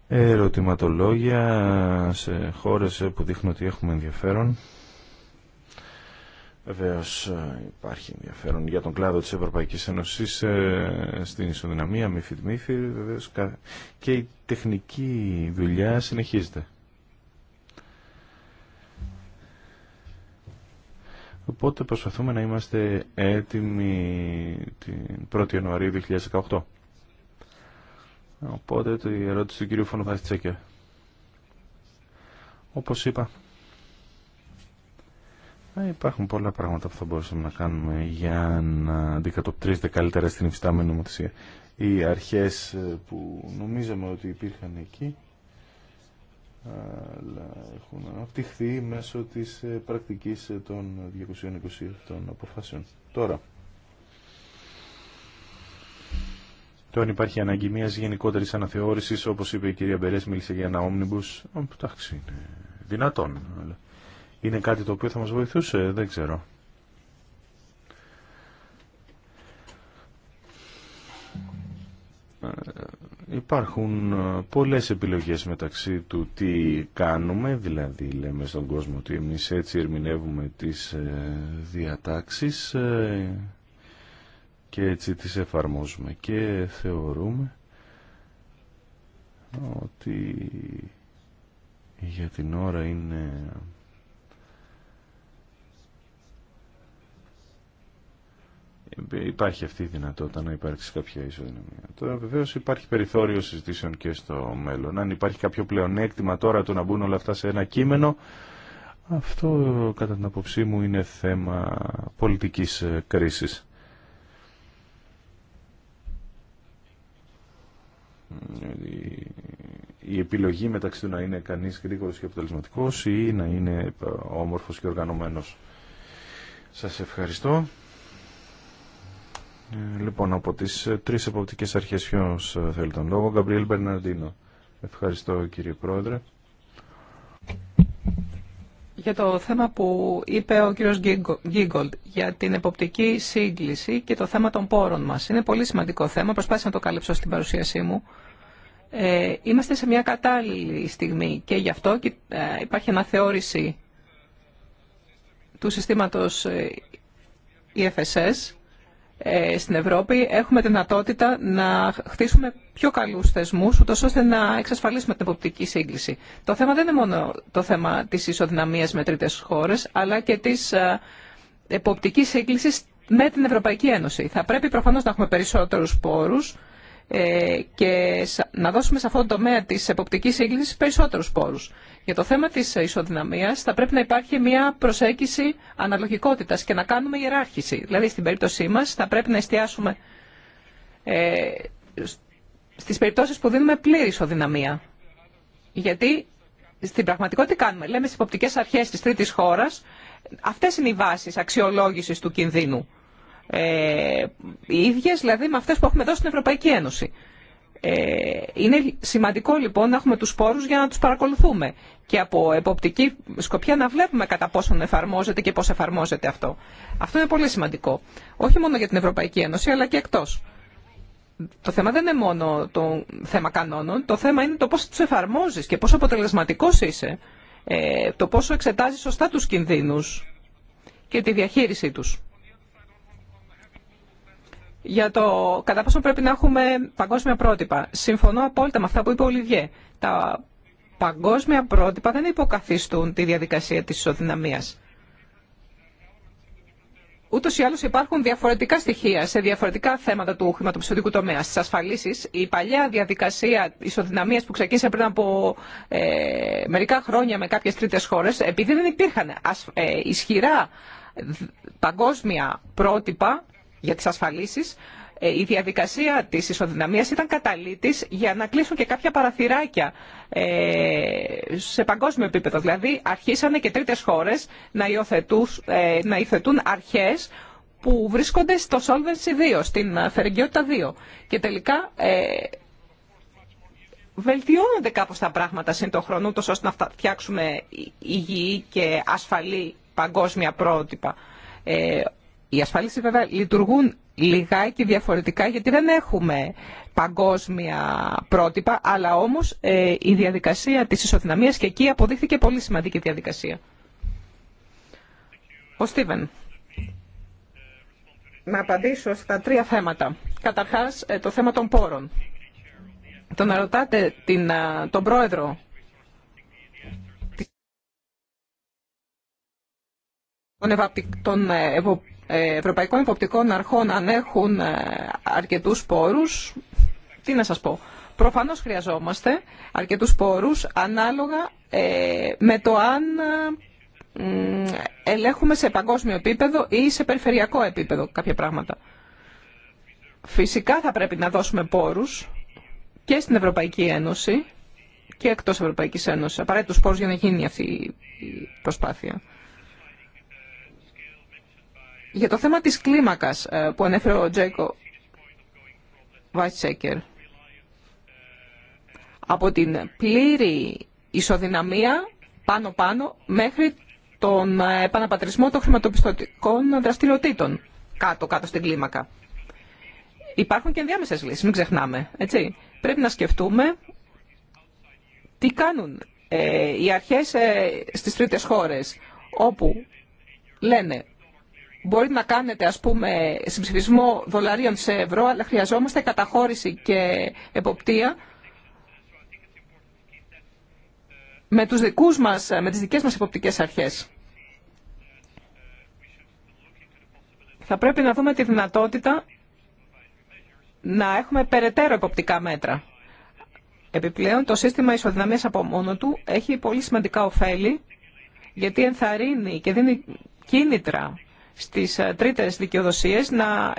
ερωτηματολόγια σε χώρες που δείχνουν ότι έχουμε ενδιαφέρον. Βεβαίω ε, υπάρχει ενδιαφέρον για τον κλάδο της Ευρωπαϊκής Ένωσης ε, στην ισοδυναμία, μη και η τεχνική δουλειά συνεχίζεται. Οπότε προσπαθούμε να είμαστε έτοιμοι την 1η Ιανουαρίου 2018. Οπότε το η ερώτηση του κυρίου Φωνοβάης Τσέκερ. Όπως είπα, υπάρχουν πολλά πράγματα που θα μπορούσαμε να κάνουμε για να αντικατοπτρίζεται καλύτερα στην υφιστάμενη νομοθεσία. Οι αρχές ε, που νομίζαμε ότι υπήρχαν εκεί αλλά έχουν αναπτυχθεί μέσω της ε, πρακτικής ε, των 220 των αποφάσεων. Τώρα, το αν υπάρχει ανάγκη μια γενικότερη αναθεώρησης, όπως είπε η κυρία Μπερές, μίλησε για ένα όμνιμπους, εντάξει, είναι δυνατόν, είναι κάτι το οποίο θα μας βοηθούσε, δεν ξέρω. Ε, Υπάρχουν ε, πολλές επιλογές μεταξύ του τι κάνουμε, δηλαδή λέμε στον κόσμο ότι εμείς έτσι ερμηνεύουμε τις ε, διατάξεις ε, και έτσι τις εφαρμόζουμε και θεωρούμε ότι για την ώρα είναι υπάρχει αυτή η δυνατότητα να υπάρξει κάποια ισοδυναμία. Τώρα βεβαίως υπάρχει περιθώριο συζητήσεων και στο μέλλον. Αν υπάρχει κάποιο πλεονέκτημα τώρα το να μπουν όλα αυτά σε ένα κείμενο, αυτό κατά την απόψή μου είναι θέμα πολιτικής ε, κρίσης. η επιλογή μεταξύ του να είναι κανείς γρήγορος και αποτελεσματικός ή να είναι ε, όμορφος και οργανωμένος. Σας ευχαριστώ. Ε, λοιπόν, από τις ε, τρεις εποπτικέ αρχές ποιο ε, θέλει τον λόγο. Γκαμπριέλ Μπερναρντίνο. Ευχαριστώ κύριε Πρόεδρε. Για το θέμα που είπε ο κύριος Γκίγκολτ για την εποπτική σύγκληση και το θέμα των πόρων μας. Είναι πολύ σημαντικό θέμα, προσπάθησα να το κάλυψω στην παρουσίασή μου. Ε, είμαστε σε μια κατάλληλη στιγμή και γι' αυτό υπάρχει αναθεώρηση του συστήματος EFSS ε, στην Ευρώπη έχουμε δυνατότητα να χτίσουμε πιο καλούς θεσμούς, ούτω ώστε να εξασφαλίσουμε την εποπτική σύγκληση. Το θέμα δεν είναι μόνο το θέμα της ισοδυναμίας με τρίτες χώρες, αλλά και της ε, εποπτική σύγκληση με την Ευρωπαϊκή Ένωση. Θα πρέπει προφανώς να έχουμε περισσότερους πόρους, ε, και να δώσουμε σε αυτό το τομέα τη εποπτική σύγκληση περισσότερους πόρου. Για το θέμα της ισοδυναμίας θα πρέπει να υπάρχει μια προσέγγιση αναλογικότητας και να κάνουμε ιεράρχηση. Δηλαδή στην περίπτωσή μας θα πρέπει να εστιάσουμε ε, στις περιπτώσεις που δίνουμε πλήρη ισοδυναμία. Γιατί στην πραγματικότητα τι κάνουμε. Λέμε στι υποπτικές αρχέ τη τρίτη χώρα, αυτέ είναι οι βάσει αξιολόγηση του κινδύνου ε, οι ίδιες δηλαδή με αυτές που έχουμε εδώ στην Ευρωπαϊκή Ένωση. Ε, είναι σημαντικό λοιπόν να έχουμε τους πόρους για να τους παρακολουθούμε και από εποπτική σκοπιά να βλέπουμε κατά πόσον εφαρμόζεται και πώς εφαρμόζεται αυτό. Αυτό είναι πολύ σημαντικό. Όχι μόνο για την Ευρωπαϊκή Ένωση αλλά και εκτός. Το θέμα δεν είναι μόνο το θέμα κανόνων, το θέμα είναι το πώς τους εφαρμόζεις και πόσο αποτελεσματικός είσαι, ε, το πόσο εξετάζεις σωστά τους κινδύνους και τη διαχείρισή τους για το κατά πόσο πρέπει να έχουμε παγκόσμια πρότυπα. Συμφωνώ απόλυτα με αυτά που είπε ο Λιβιέ. Τα παγκόσμια πρότυπα δεν υποκαθιστούν τη διαδικασία της ισοδυναμίας. Ούτω ή άλλω υπάρχουν διαφορετικά στοιχεία σε διαφορετικά θέματα του χρηματοπιστωτικού τομέα. Στι ασφαλίσει, η παλιά διαδικασία ισοδυναμία που ξεκίνησε πριν από ε, μερικά χρόνια με κάποιε τρίτε χώρε, επειδή δεν υπήρχαν ε, ισχυρά παγκόσμια πρότυπα, για τις ασφαλίσεις, ε, η διαδικασία της ισοδυναμίας ήταν καταλήτης για να κλείσουν και κάποια παραθυράκια ε, σε παγκόσμιο επίπεδο. Δηλαδή αρχίσανε και τρίτες χώρες να, ε, να υφετούν αρχές που βρίσκονται στο Solvency 2, στην Φερεγγιότητα 2. Και τελικά βελτιώνονται κάπως τα πράγματα σύν το χρονού ώστε να φτιάξουμε υγιή και ασφαλή παγκόσμια πρότυπα. Οι ασφαλίσεις βέβαια λειτουργούν λιγάκι διαφορετικά γιατί δεν έχουμε παγκόσμια πρότυπα, αλλά όμως ε, η διαδικασία της ισοδυναμίας και εκεί αποδείχθηκε πολύ σημαντική διαδικασία. Ο Στίβεν. Να απαντήσω στα τρία θέματα. Καταρχάς, ε, το θέμα των πόρων. Το να ρωτάτε την, ε, τον πρόεδρο των ε, ευρωπαϊκών Υποπτικών Αρχών αν έχουν ε, αρκετούς πόρους, τι να σας πω. Προφανώς χρειαζόμαστε αρκετούς πόρους ανάλογα ε, με το αν ελέγχουμε σε παγκόσμιο επίπεδο ή σε περιφερειακό επίπεδο κάποια πράγματα. Φυσικά θα πρέπει να δώσουμε πόρους και στην Ευρωπαϊκή Ένωση και εκτός Ευρωπαϊκής Ένωσης, Απαραίτητος πόρους για να γίνει αυτή η προσπάθεια. Για το θέμα της κλίμακας ε, που ανέφερε ο Τζέικο Βάιτσέκερ, από την πλήρη ισοδυναμία πάνω-πάνω μέχρι τον ε, επαναπατρισμό των χρηματοπιστωτικών δραστηριοτήτων κάτω-κάτω στην κλίμακα. Υπάρχουν και ενδιάμεσες λύσεις, μην ξεχνάμε. Έτσι. Πρέπει να σκεφτούμε τι κάνουν ε, οι αρχές στις τρίτες χώρες όπου λένε μπορεί να κάνετε, ας πούμε, συμψηφισμό δολαρίων σε ευρώ, αλλά χρειαζόμαστε καταχώρηση και εποπτεία με, τους δικούς μας, με τις δικές μας εποπτικές αρχές. Θα πρέπει να δούμε τη δυνατότητα να έχουμε περαιτέρω εποπτικά μέτρα. Επιπλέον, το σύστημα ισοδυναμίας από μόνο του έχει πολύ σημαντικά ωφέλη, γιατί ενθαρρύνει και δίνει κίνητρα στις ε, τρίτες δικαιοδοσίες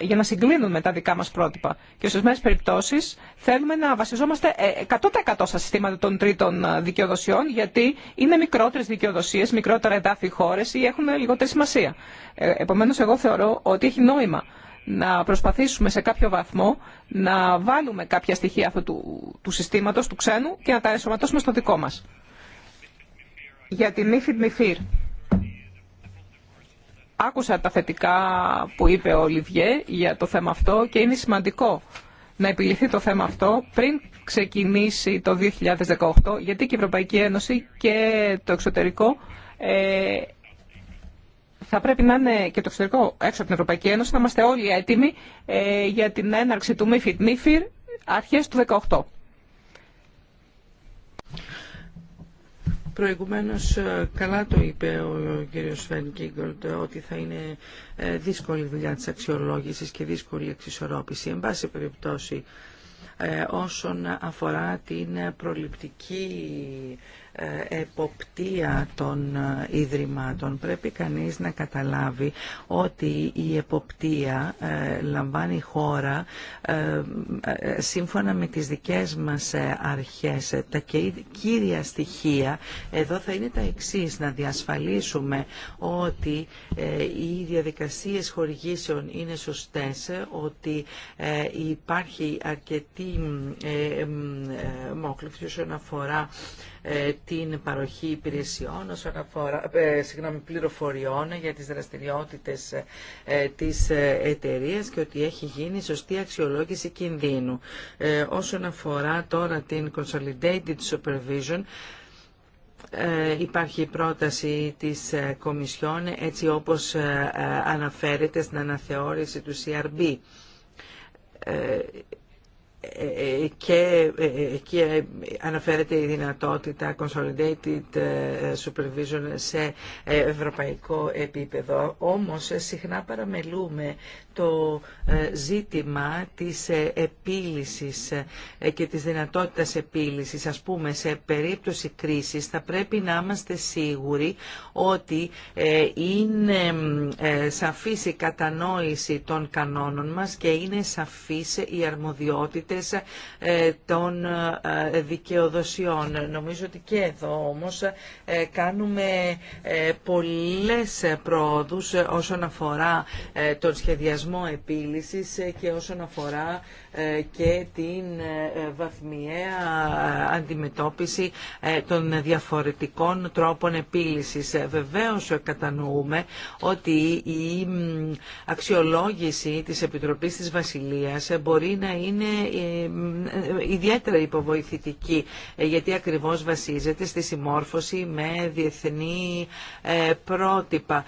για να συγκλίνουν με τα δικά μας πρότυπα. Και σε μέρε περιπτώσεις θέλουμε να βασιζόμαστε 100% ε, στα συστήματα των τρίτων ε, δικαιοδοσιών γιατί είναι μικρότερες δικαιοδοσίες, μικρότερα εδάφη χώρε ή έχουν λιγότερη σημασία. Επομένως εγώ θεωρώ ότι έχει νόημα να προσπαθήσουμε σε κάποιο βαθμό να βάλουμε κάποια στοιχεία αυτού του, του συστήματος, του ξένου και να τα ενσωματώσουμε στο δικό μας. Για τη Άκουσα τα θετικά που είπε ο Λιβιέ για το θέμα αυτό και είναι σημαντικό να επιληθεί το θέμα αυτό πριν ξεκινήσει το 2018, γιατί και η Ευρωπαϊκή Ένωση και το εξωτερικό ε, θα πρέπει να είναι και το εξωτερικό έξω από την Ευρωπαϊκή Ένωση, να είμαστε όλοι έτοιμοι ε, για την έναρξη του MIFID MIFIR αρχές του 2018. Προηγουμένως ε, καλά το είπε ο κύριος Φεν Κίγκολτ ε, ότι θα είναι ε, δύσκολη δουλειά της αξιολόγησης και δύσκολη εξισορρόπηση. Εν πάση περιπτώσει όσον αφορά την προληπτική ε, εποπτεία των ε, Ιδρυμάτων. Πρέπει κανείς να καταλάβει ότι η εποπτεία ε, λαμβάνει χώρα σύμφωνα με τις δικές μας αρχές. Τα κύρια στοιχεία εδώ θα είναι τα εξής. Να διασφαλίσουμε ότι οι διαδικασίες χορηγήσεων είναι σωστές, ότι υπάρχει αρκετή μόχλευση όσον αφορά ε, την παροχή υπηρεσιών όσον αφορά, ε, πληροφοριών για τις δραστηριότητες ε, της εταιρεία και ότι έχει γίνει σωστή αξιολόγηση κινδύνου. Όσον αφορά τώρα την Consolidated Supervision, υπάρχει η πρόταση της Κομισιόν έτσι όπως αναφέρεται στην αναθεώρηση του CRB και ε, ε, εκεί ε, αναφέρεται η δυνατότητα consolidated supervision σε ευρωπαϊκό επίπεδο. Όμως συχνά παραμελούμε το ζήτημα της επίλυσης και της δυνατότητας επίλυσης. Ας πούμε, σε περίπτωση κρίσης θα πρέπει να είμαστε σίγουροι ότι είναι σαφής η κατανόηση των κανόνων μας και είναι σαφής η αρμοδιότητα ε, των ε, δικαιοδοσιών. Νομίζω ότι και εδώ όμως ε, κάνουμε πολλές πρόοδους όσον αφορά τον σχεδιασμό επίλυσης και όσον αφορά ε, και την ε, ε, βαθμιαία αντιμετώπιση των διαφορετικών τρόπων επίλυσης. Βεβαίως κατανοούμε ότι η αξιολόγηση της Επιτροπής της Βασιλείας μπορεί να είναι ιδιαίτερα υποβοηθητική γιατί ακριβώς βασίζεται στη συμμόρφωση με διεθνή πρότυπα.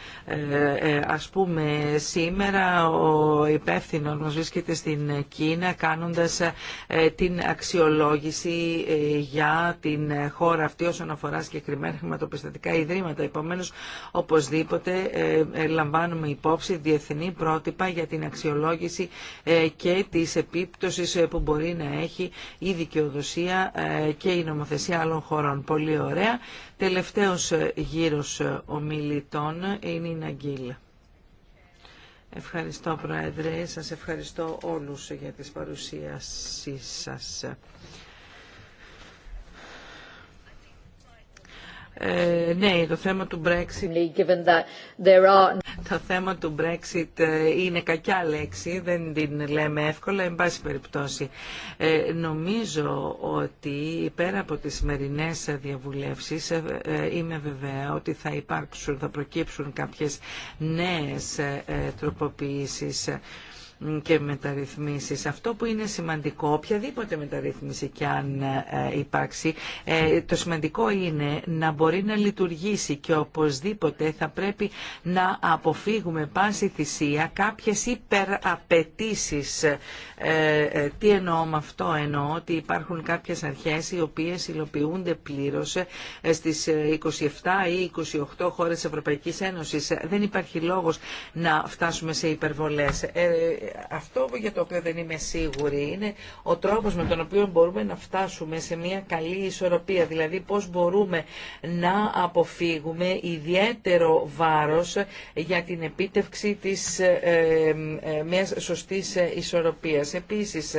Ας πούμε σήμερα ο υπεύθυνο μας βρίσκεται στην Κίνα κάνοντας ε, την αξιολόγηση ε, για την ε, χώρα αυτή όσον αφορά συγκεκριμένα χρηματοπιστωτικά ιδρύματα. Επομένως, οπωσδήποτε λαμβάνουμε υπόψη διεθνή πρότυπα για την αξιολόγηση και της επίπτωσης που μπορεί να έχει η δικαιοδοσία και η νομοθεσία άλλων χωρών. Πολύ ωραία. Τελευταίος γύρος ομιλητών είναι η Ναγκίλα. Ευχαριστώ Πρόεδρε, σας ευχαριστώ όλους για τις παρουσίασεις σας. Ε, ναι, το θέμα του Brexit. Given that there are... Το θέμα του Brexit ε, είναι κακιά λέξη, δεν την λέμε εύκολα, εν πάση περιπτώσει. Ε, νομίζω ότι πέρα από τις σημερινέ διαβουλεύσεις είμαι βεβαία ότι θα υπάρξουν, θα προκύψουν κάποιες νέες τροποποιήσεις και μεταρρυθμίσεις. Αυτό που είναι σημαντικό, οποιαδήποτε μεταρρύθμιση και αν ε, υπάρξει, ε, το σημαντικό είναι να μπορεί να λειτουργήσει και οπωσδήποτε θα πρέπει να αποφύγουμε πάση θυσία κάποιες υπεραπαιτήσεις. Ε, τι εννοώ με αυτό, εννοώ ότι υπάρχουν κάποιες αρχές οι οποίες υλοποιούνται πλήρως στις 27 ή 28 χώρες Ευρωπαϊκής Ένωσης. Δεν υπάρχει λόγος να φτάσουμε σε υπερβολές αυτό για το οποίο δεν είμαι σίγουρη είναι ο τρόπος με τον οποίο μπορούμε να φτάσουμε σε μια καλή ισορροπία, δηλαδή πώς μπορούμε να αποφύγουμε ιδιαίτερο βάρος για την επίτευξη της ε, ε, ε, μιας σωστής ισορροπίας. Επίσης,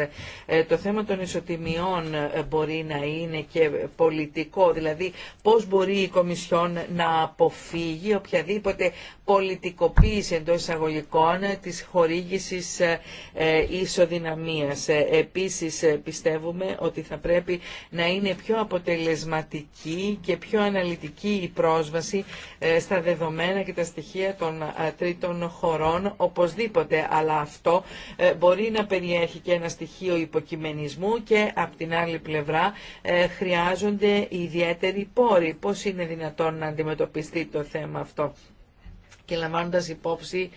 το θέμα των ισοτιμιών μπορεί να είναι και πολιτικό, δηλαδή πώς μπορεί η Κομισιόν να αποφύγει οποιαδήποτε πολιτικοποίηση εντό εισαγωγικών της χορήγησης ε, ε, ισοδυναμίας. Ε, επίσης πιστεύουμε ότι θα πρέπει να είναι πιο αποτελεσματική και πιο αναλυτική η πρόσβαση στα δεδομένα και τα στοιχεία των τρίτων χωρών οπωσδήποτε. Αλλά αυτό μπορεί να περιέχει και ένα στοιχείο υποκειμενισμού και από την άλλη πλευρά χρειάζονται ιδιαίτεροι πόροι. Πώς είναι δυνατόν να αντιμετωπιστεί το θέμα αυτό και λαμβάνοντας υπόψη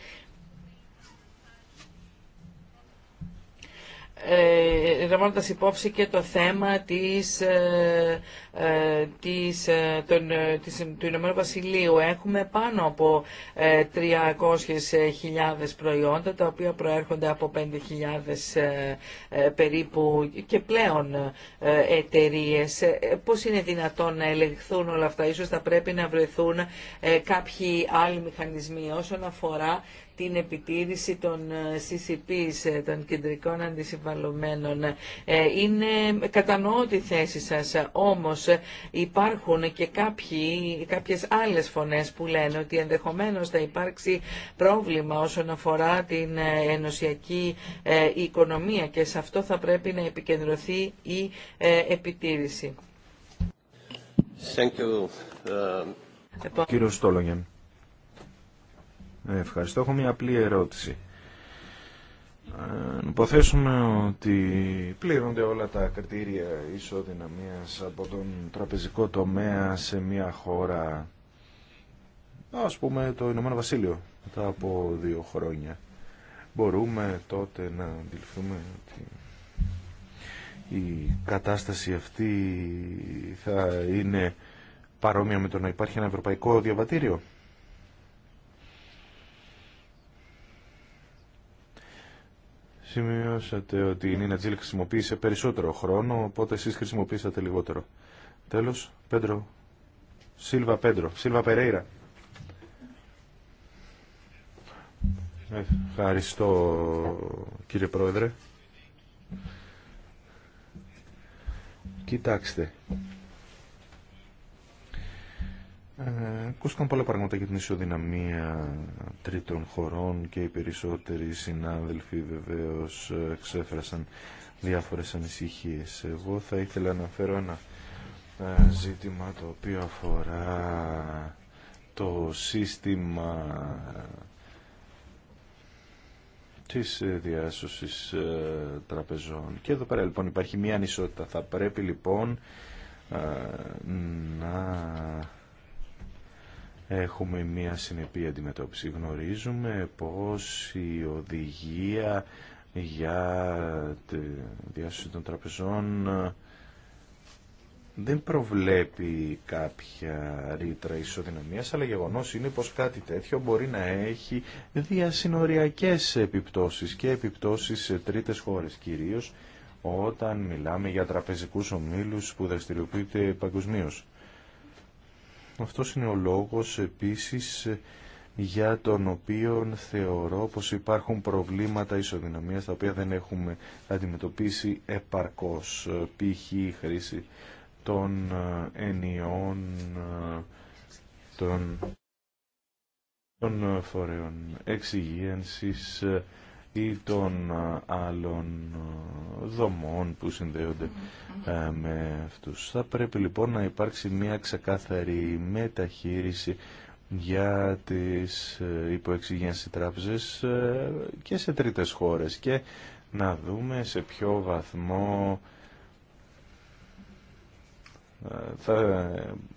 Ε, λαμβάνοντας υπόψη και το θέμα της, ε, ε, της, των, της, του Ηνωμένου Βασιλείου. Έχουμε πάνω από 300.000 προϊόντα, τα οποία προέρχονται από 5.000 περίπου και πλέον εταιρείε. Πώς είναι δυνατόν να ελεγχθούν όλα αυτά. Ίσως θα πρέπει να βρεθούν κάποιοι άλλοι μηχανισμοί όσον αφορά την επιτήρηση των ε, CCP, ε, των κεντρικών αντισυμβαλωμένων. Ε, είναι κατανοώ τη θέση σας, όμως υπάρχουν και κάποιοι, κάποιες άλλες φωνές που λένε ότι ενδεχομένως θα υπάρξει πρόβλημα όσον αφορά την ενωσιακή οικονομία και σε αυτό θα πρέπει να επικεντρωθεί η επιτήρηση. Thank you. Κύριο Στόλογεν. Ε, ευχαριστώ. Έχω μια απλή ερώτηση. Ε, υποθέσουμε ότι πλήρωνται όλα τα κριτήρια ισοδυναμίας από τον τραπεζικό τομέα σε μια χώρα, ας πούμε το Ηνωμένο Βασίλειο, μετά από δύο χρόνια. Μπορούμε τότε να αντιληφθούμε ότι η κατάσταση αυτή θα είναι παρόμοια με το να υπάρχει ένα ευρωπαϊκό διαβατήριο. Σημειώσατε ότι η Νίνα Τζίλ χρησιμοποίησε περισσότερο χρόνο, οπότε εσείς χρησιμοποίησατε λιγότερο. Τέλος, Πέντρο. Σίλβα Πέντρο. Σίλβα Περέιρα. Ευχαριστώ κύριε Πρόεδρε. Κοιτάξτε, ε, ακούστηκαν πολλά πράγματα για την ισοδυναμία τρίτων χωρών και οι περισσότεροι συνάδελφοι βεβαίως ε, εξέφρασαν διάφορες ανησυχίες. Εγώ θα ήθελα να φέρω ένα ε, ζήτημα το οποίο αφορά το σύστημα της διάσωσης τραπεζών. Και εδώ πέρα λοιπόν υπάρχει μια ανισότητα. Θα πρέπει λοιπόν να έχουμε μια συνεπή αντιμετώπιση. Γνωρίζουμε πως η οδηγία για τη διάσωση των τραπεζών ε, δεν προβλέπει κάποια ρήτρα ισοδυναμίας, αλλά γεγονός είναι πως κάτι τέτοιο μπορεί να έχει διασυνοριακές επιπτώσεις και επιπτώσεις σε τρίτες χώρες, κυρίως όταν μιλάμε για τραπεζικούς ομίλους που δραστηριοποιείται παγκοσμίω. Αυτός είναι ο λόγος επίσης για τον οποίο θεωρώ πως υπάρχουν προβλήματα ισοδυναμίας τα οποία δεν έχουμε αντιμετωπίσει επαρκώς π.χ. η χρήση των ε, ενιών ε, των, των ε, φορέων εξυγίανσης ή των ε, άλλων ε, δομών που συνδέονται mm-hmm. ε, με αυτούς. Θα πρέπει λοιπόν να υπάρξει μια ξεκάθαρη μεταχείριση για τις υποεξηγένσεις τράπεζες και σε τρίτες χώρες και να δούμε σε ποιο βαθμό θα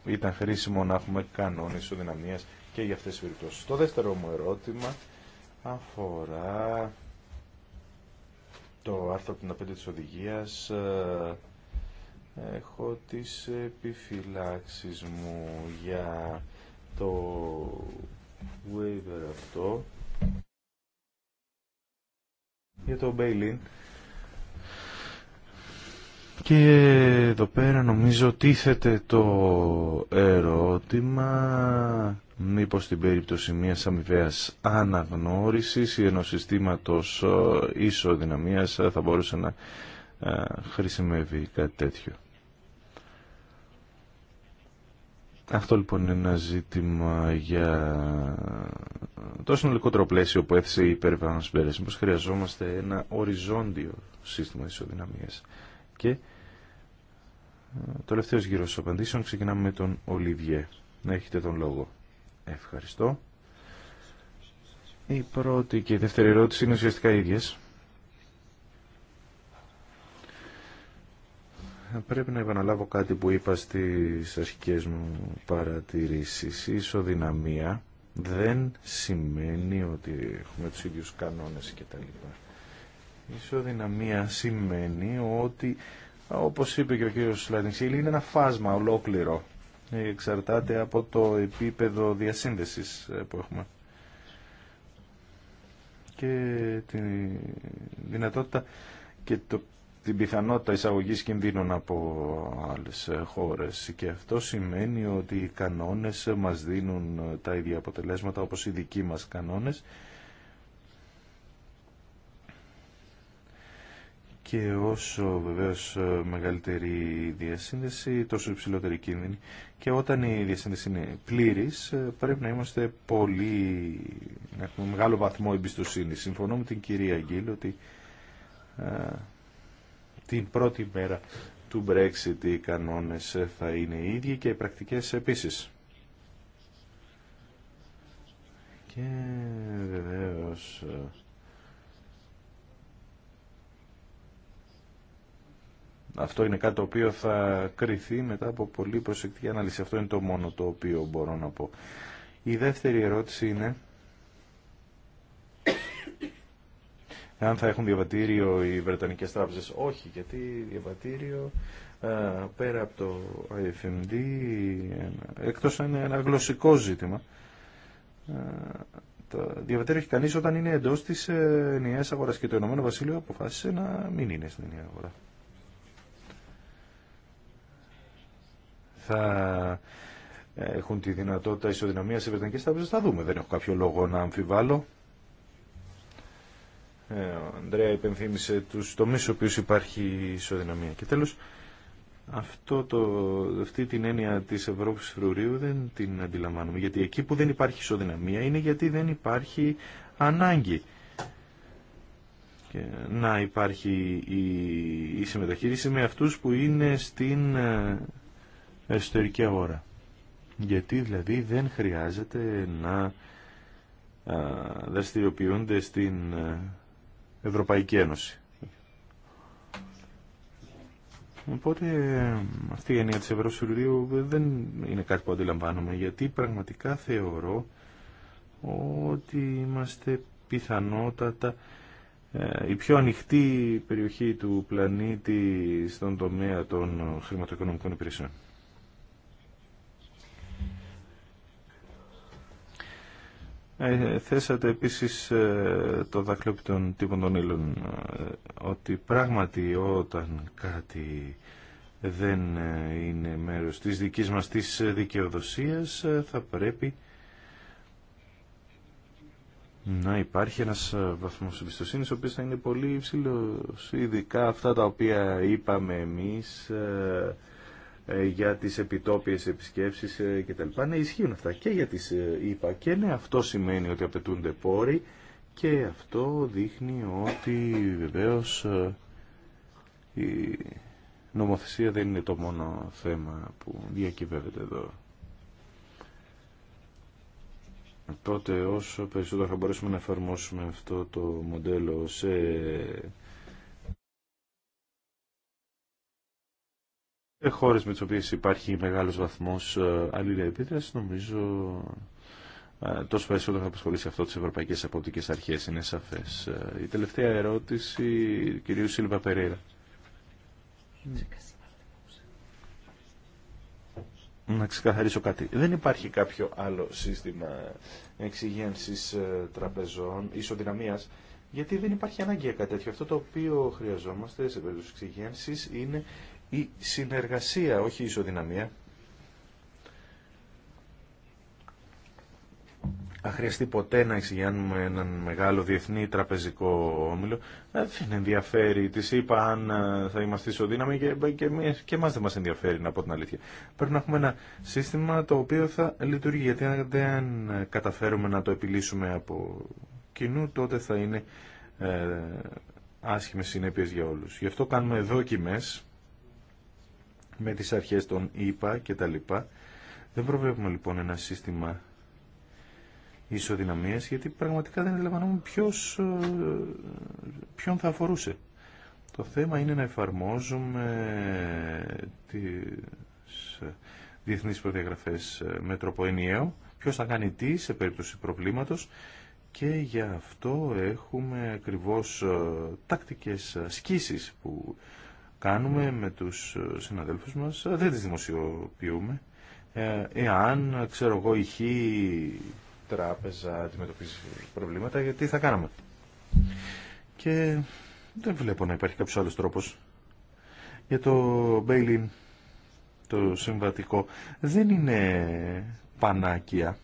ήταν χρήσιμο να έχουμε κανόνες ισοδυναμίας και για αυτές τις περιπτώσεις. Το δεύτερο μου ερώτημα αφορά το άρθρο 5 της οδηγίας ε, έχω τις επιφυλάξεις μου για το waiver αυτό για το bail-in και εδώ πέρα νομίζω τίθεται το ερώτημα μήπως στην περίπτωση μιας αμοιβαίας αναγνώρισης ή ενός συστήματος ε, ισοδυναμίας ε, θα μπορούσε να ε, χρησιμεύει κάτι τέτοιο. Αυτό λοιπόν είναι ένα ζήτημα για το συνολικό πλαίσιο που έθεσε η υπερβάνωση Μπέρες. Μήπως χρειαζόμαστε ένα οριζόντιο σύστημα ισοδυναμίας. Και τελευταίο γύρος απαντήσεων ξεκινάμε με τον Ολιβιέ. Να έχετε τον λόγο. Ευχαριστώ. Η πρώτη και η δεύτερη ερώτηση είναι ουσιαστικά ίδιες. Πρέπει να επαναλάβω κάτι που είπα στις αρχικές μου παρατηρήσεις. Η ισοδυναμία δεν σημαίνει ότι έχουμε τους ίδιους κανόνες κτλ. Η ισοδυναμία σημαίνει ότι, όπως είπε και ο κύριος Λατινσίλη είναι ένα φάσμα ολόκληρο εξαρτάται από το επίπεδο διασύνδεσης ε, που έχουμε και τη δυνατότητα και το, την πιθανότητα εισαγωγής κινδύνων από άλλες ε, χώρες και αυτό σημαίνει ότι οι κανόνες μας δίνουν ε, τα ίδια αποτελέσματα όπως οι δικοί μας κανόνες και όσο βεβαίως ε, μεγαλύτερη διασύνδεση τόσο υψηλότερη κίνδυνη και όταν η διασύνδεση είναι πλήρης ε, πρέπει να είμαστε πολύ έχουμε μεγάλο βαθμό εμπιστοσύνη συμφωνώ με την κυρία Γκίλ ότι ε, την πρώτη μέρα του Brexit οι κανόνες θα είναι οι ίδιοι και οι πρακτικές επίσης και βεβαίως Αυτό είναι κάτι το οποίο θα κρυθεί μετά από πολύ προσεκτική ανάλυση. Αυτό είναι το μόνο το οποίο μπορώ να πω. Η δεύτερη ερώτηση είναι αν θα έχουν διαβατήριο οι Βρετανικές τράπεζες. Όχι, γιατί διαβατήριο πέρα από το IFMD, εκτός αν είναι ένα γλωσσικό ζήτημα, το διαβατήριο έχει κανείς όταν είναι εντός της ε, ενιαίας αγοράς και το Ηνωμένο Βασίλειο αποφάσισε να μην είναι στην ενιαία αγορά. θα έχουν τη δυνατότητα ισοδυναμία σε βρετανικές τράπεζες. Θα δούμε, δεν έχω κάποιο λόγο να αμφιβάλλω. Ε, ο Ανδρέα υπενθύμησε τους τομείς στους οποίους υπάρχει ισοδυναμία. Και τέλος, αυτό το, αυτή την έννοια της Ευρώπης Φρουρίου δεν την αντιλαμβάνουμε. Γιατί εκεί που δεν υπάρχει ισοδυναμία είναι γιατί δεν υπάρχει ανάγκη να υπάρχει η, η συμμεταχείριση με αυτούς που είναι στην ε, εσωτερική αγορά. Γιατί δηλαδή δεν χρειάζεται να δραστηριοποιούνται στην Ευρωπαϊκή Ένωση. Οπότε αυτή η έννοια της Ευρωσουλίου δεν είναι κάτι που αντιλαμβάνομαι γιατί πραγματικά θεωρώ ότι είμαστε πιθανότατα ε, η πιο ανοιχτή περιοχή του πλανήτη στον τομέα των χρηματοοικονομικών υπηρεσιών. Ε, θέσατε επίσης ε, το δάκλοπι των τύπων των ήλων ε, ότι πράγματι όταν κάτι δεν είναι μέρος της δικής μας της δικαιοδοσίας θα πρέπει να υπάρχει ένας βαθμός εμπιστοσύνης ο οποίος θα είναι πολύ υψηλός ειδικά αυτά τα οποία είπαμε εμείς ε, για τις επιτόπιες επισκέψεις ε, κτλ. Ναι, ισχύουν αυτά και για τις ΙΠΑ ε, ναι, αυτό σημαίνει ότι απαιτούνται πόροι και αυτό δείχνει ότι βεβαίως η νομοθεσία δεν είναι το μόνο θέμα που διακυβεύεται εδώ. Τότε όσο περισσότερο θα μπορέσουμε να εφαρμόσουμε αυτό το μοντέλο σε σε χώρε με τι οποίε υπάρχει μεγάλος βαθμός ε, αλληλεπίδρασης νομίζω ε, τόσο περισσότερο θα απασχολήσει αυτό τι ευρωπαϊκέ αποπτικές αρχές, είναι σαφές. Ε, η τελευταία ερώτηση κυρίου Σίλβα Περέρα. Να ξεκαθαρίσω κάτι. Δεν υπάρχει κάποιο άλλο σύστημα εξυγένση τραπεζών, ισοδυναμία, γιατί δεν υπάρχει ανάγκη για κάτι τέτοιο. Αυτό το οποίο χρειαζόμαστε σε περίπτωση εξυγένση είναι η συνεργασία, όχι η ισοδυναμία. Αν χρειαστεί ποτέ να εξηγιάνουμε έναν μεγάλο διεθνή τραπεζικό όμιλο, ε, δεν ενδιαφέρει. Τη είπα αν ε, θα είμαστε ισοδύναμοι και, ε, και, και εμά δεν μα ενδιαφέρει, να πω την αλήθεια. Πρέπει να έχουμε ένα σύστημα το οποίο θα λειτουργεί. Γιατί αν δεν καταφέρουμε να το επιλύσουμε από κοινού, τότε θα είναι ε, άσχημε συνέπειε για όλου. Γι' αυτό κάνουμε δοκιμέ με τις αρχές των ΙΠΑ και τα λοιπά. Δεν προβλέπουμε λοιπόν ένα σύστημα ισοδυναμίας γιατί πραγματικά δεν ελαμβανόμουν ποιος, ε, ποιον θα αφορούσε. Το θέμα είναι να εφαρμόζουμε τις διεθνείς προδιαγραφές ε, με τρόπο ενιαίο, ποιος θα κάνει τι σε περίπτωση προβλήματος και γι' αυτό έχουμε ακριβώς ε, τακτικές σκήσεις που κάνουμε ναι. με τους ε, συναδέλφους μας, ε, δεν τις δημοσιοποιούμε. Ε, εάν, ξέρω εγώ, η τράπεζα αντιμετωπίζει προβλήματα, γιατί θα κάναμε. Και δεν βλέπω να υπάρχει κάποιος άλλος τρόπος. Για το Μπέιλιν, το συμβατικό, δεν είναι πανάκια.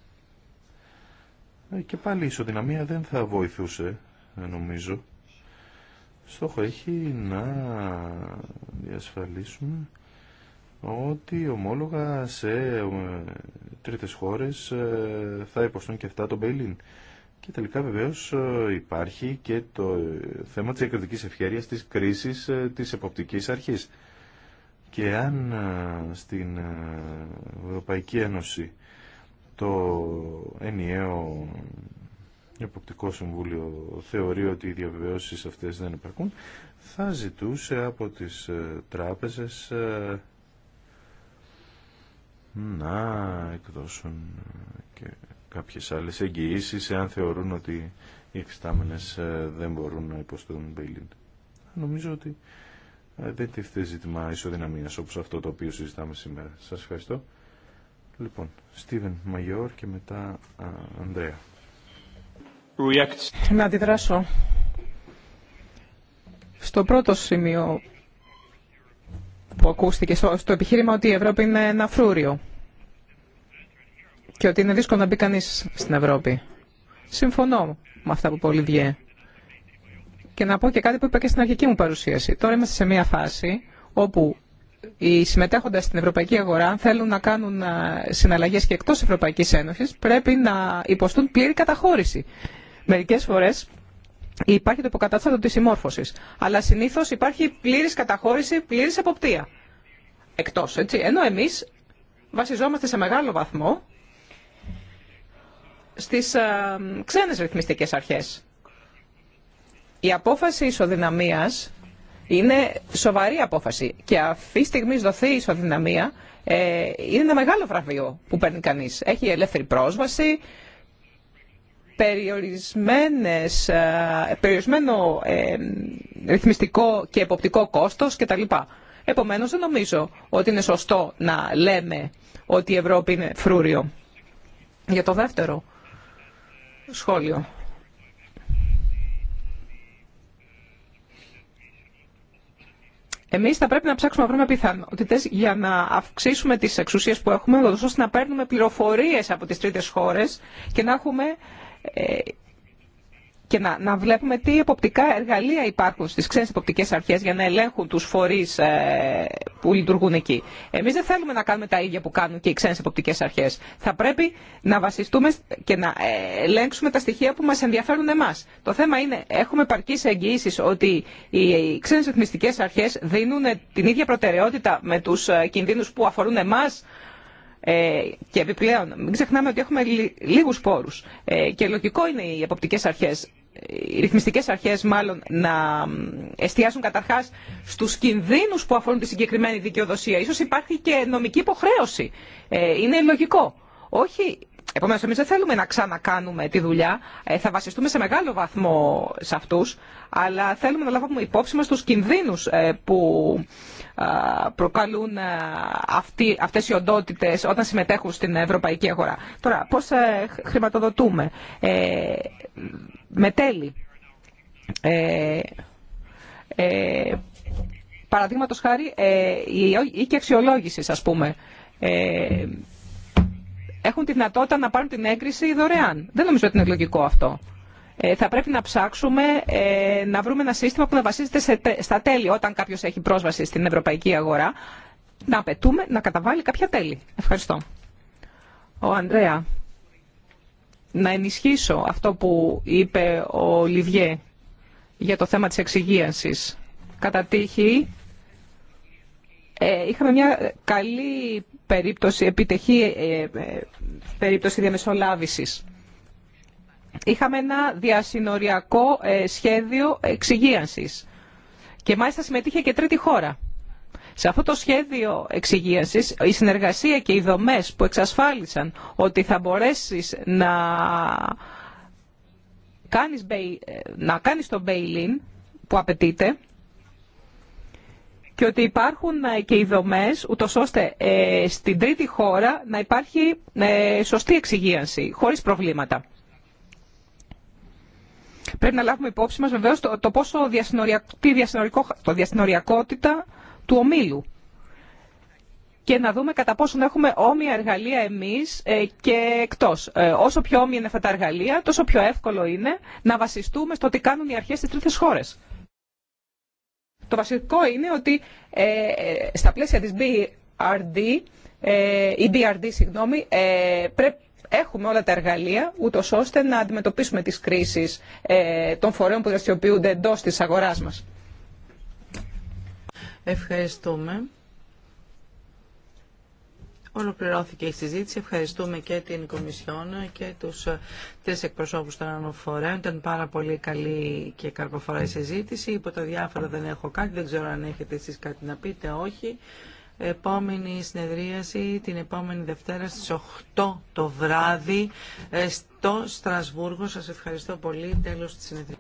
Και πάλι η ισοδυναμία δεν θα βοηθούσε, νομίζω στόχο έχει να διασφαλίσουμε ότι ομόλογα σε ε, τρίτες χώρες ε, θα υποστούν και αυτά το Μπέιλιν. Και τελικά βεβαίως ε, υπάρχει και το θέμα της εκδοτικής ευχαίριας της κρίσης της εποπτικής αρχής. Και αν στην Ευρωπαϊκή Ένωση το ενιαίο Εποπτικό Συμβούλιο θεωρεί ότι οι διαβεβαιώσεις αυτές δεν υπαρκούν, θα ζητούσε από τις ε, τράπεζες ε, να εκδώσουν ε, και κάποιες άλλες εγγυήσεις εάν θεωρούν ότι οι εξτάμενες δεν μπορούν να υποστούν bail-in. Νομίζω ότι δεν τίθεται ζήτημα ισοδυναμίας όπως αυτό το οποίο συζητάμε σήμερα. Σας ευχαριστώ. Λοιπόν, Στίβεν Μαγιόρ και μετά Ανδρέα. Να αντιδράσω. Στο πρώτο σημείο που ακούστηκε, στο, επιχείρημα ότι η Ευρώπη είναι ένα φρούριο και ότι είναι δύσκολο να μπει κανείς στην Ευρώπη. Συμφωνώ με αυτά που πολύ Λιβιέ. Και να πω και κάτι που είπα και στην αρχική μου παρουσίαση. Τώρα είμαστε σε μια φάση όπου οι συμμετέχοντες στην ευρωπαϊκή αγορά, αν θέλουν να κάνουν ε, συναλλαγέ και εκτό Ευρωπαϊκή Ένωση, πρέπει να υποστούν πλήρη καταχώρηση. Μερικές φορές υπάρχει το υποκατάστατο της συμμόρφωσης, αλλά συνήθως υπάρχει πλήρης καταχώρηση, πλήρης εποπτεία. Εκτός, έτσι. Ενώ εμείς βασιζόμαστε σε μεγάλο βαθμό στις ξένε ξένες ρυθμιστικές αρχές. Η απόφαση ισοδυναμίας είναι σοβαρή απόφαση και αυτή τη στιγμή δοθεί η ισοδυναμία ε, είναι ένα μεγάλο βραβείο που παίρνει κανείς. Έχει ελεύθερη πρόσβαση, περιορισμένες, ε, περιορισμένο ε, ρυθμιστικό και εποπτικό κόστος κτλ. Επομένως δεν νομίζω ότι είναι σωστό να λέμε ότι η Ευρώπη είναι φρούριο. Για το δεύτερο σχόλιο. Εμείς θα πρέπει να ψάξουμε να βρούμε πιθανότητες για να αυξήσουμε τις εξουσίες που έχουμε, ώστε να παίρνουμε πληροφορίες από τις τρίτες χώρες και να έχουμε ε, και να, να βλέπουμε τι εποπτικά εργαλεία υπάρχουν στις ξένες εποπτικές αρχές για να ελέγχουν τους φορείς ε, που λειτουργούν εκεί. Εμείς δεν θέλουμε να κάνουμε τα ίδια που κάνουν και οι ξένες εποπτικές αρχές. Θα πρέπει να βασιστούμε και να ε, ελέγξουμε τα στοιχεία που μας ενδιαφέρουν εμάς. Το θέμα είναι, έχουμε παρκείς εγγυήσεις ότι οι ξένες εθνιστικές αρχές δίνουν την ίδια προτεραιότητα με τους κινδύνους που αφορούν εμάς ε, και επιπλέον, μην ξεχνάμε ότι έχουμε λίγους πόρους ε, και λογικό είναι οι εποπτικές αρχές, οι ρυθμιστικές αρχές μάλλον να εστιάσουν καταρχάς στους κινδύνους που αφορούν τη συγκεκριμένη δικαιοδοσία. Ίσως υπάρχει και νομική υποχρέωση. Ε, είναι λογικό. Όχι... Επομένω, εμεί δεν θέλουμε να ξανακάνουμε τη δουλειά. θα βασιστούμε σε μεγάλο βαθμό σε αυτούς αλλά θέλουμε να λάβουμε υπόψη μα στου κινδύνου που προκαλούν αυτοί, αυτές οι οντότητες όταν συμμετέχουν στην ευρωπαϊκή αγορά. Τώρα, πώς ε, χρηματοδοτούμε. Ε, με τέλη. Ε, ε Παραδείγματος χάρη, ε, η οίκη αξιολόγησης, ας πούμε, ε, έχουν τη δυνατότητα να πάρουν την έγκριση δωρεάν. Δεν νομίζω ότι είναι λογικό αυτό. Ε, θα πρέπει να ψάξουμε ε, να βρούμε ένα σύστημα που να βασίζεται στα τέλη. Όταν κάποιο έχει πρόσβαση στην ευρωπαϊκή αγορά, να απαιτούμε να καταβάλει κάποια τέλη. Ευχαριστώ. Ο Ανδρέα, να ενισχύσω αυτό που είπε ο Λιβιέ για το θέμα της εξυγίασης. Κατά τύχη, ε, είχαμε μια καλή περίπτωση, επιτεχή περίπτωση διαμεσολάβησης είχαμε ένα διασυνοριακό ε, σχέδιο εξυγίανσης και μάλιστα συμμετείχε και τρίτη χώρα. Σε αυτό το σχέδιο εξυγίασης, η συνεργασία και οι δομές που εξασφάλισαν ότι θα μπορέσεις να κάνεις, ε, να κάνεις το bail-in που απαιτείται και ότι υπάρχουν ε, και οι δομές, ούτως ώστε στην τρίτη χώρα να υπάρχει σωστή εξυγίανση, χωρίς προβλήματα. Πρέπει να λάβουμε υπόψη μας βεβαίως το, πόσο διασυνοριακό, το διασυνοριακότητα του ομίλου και να δούμε κατά πόσον έχουμε όμοια εργαλεία εμείς ε, και εκτός. Ε, όσο πιο όμοια είναι αυτά τα εργαλεία, τόσο πιο εύκολο είναι να βασιστούμε στο τι κάνουν οι αρχές στις τρίτες χώρες. Το βασικό είναι ότι ε, στα πλαίσια της BRD, ε, η BRD συγγνώμη, πρέπει έχουμε όλα τα εργαλεία, ούτω ώστε να αντιμετωπίσουμε τις κρίσεις ε, των φορέων που δραστηριοποιούνται εντό της αγοράς μας. Ευχαριστούμε. Ολοκληρώθηκε η συζήτηση. Ευχαριστούμε και την Κομισιόν και τους τρεις εκπροσώπους των φορέων Ήταν πάρα πολύ καλή και καρποφορά η συζήτηση. Υπό τα διάφορα δεν έχω κάτι. Δεν ξέρω αν έχετε εσεί κάτι να πείτε, όχι επόμενη συνεδρίαση την επόμενη Δευτέρα στις 8 το βράδυ ε, στο Στρασβούργο. Σας ευχαριστώ πολύ. Τέλος της συνεδρίας.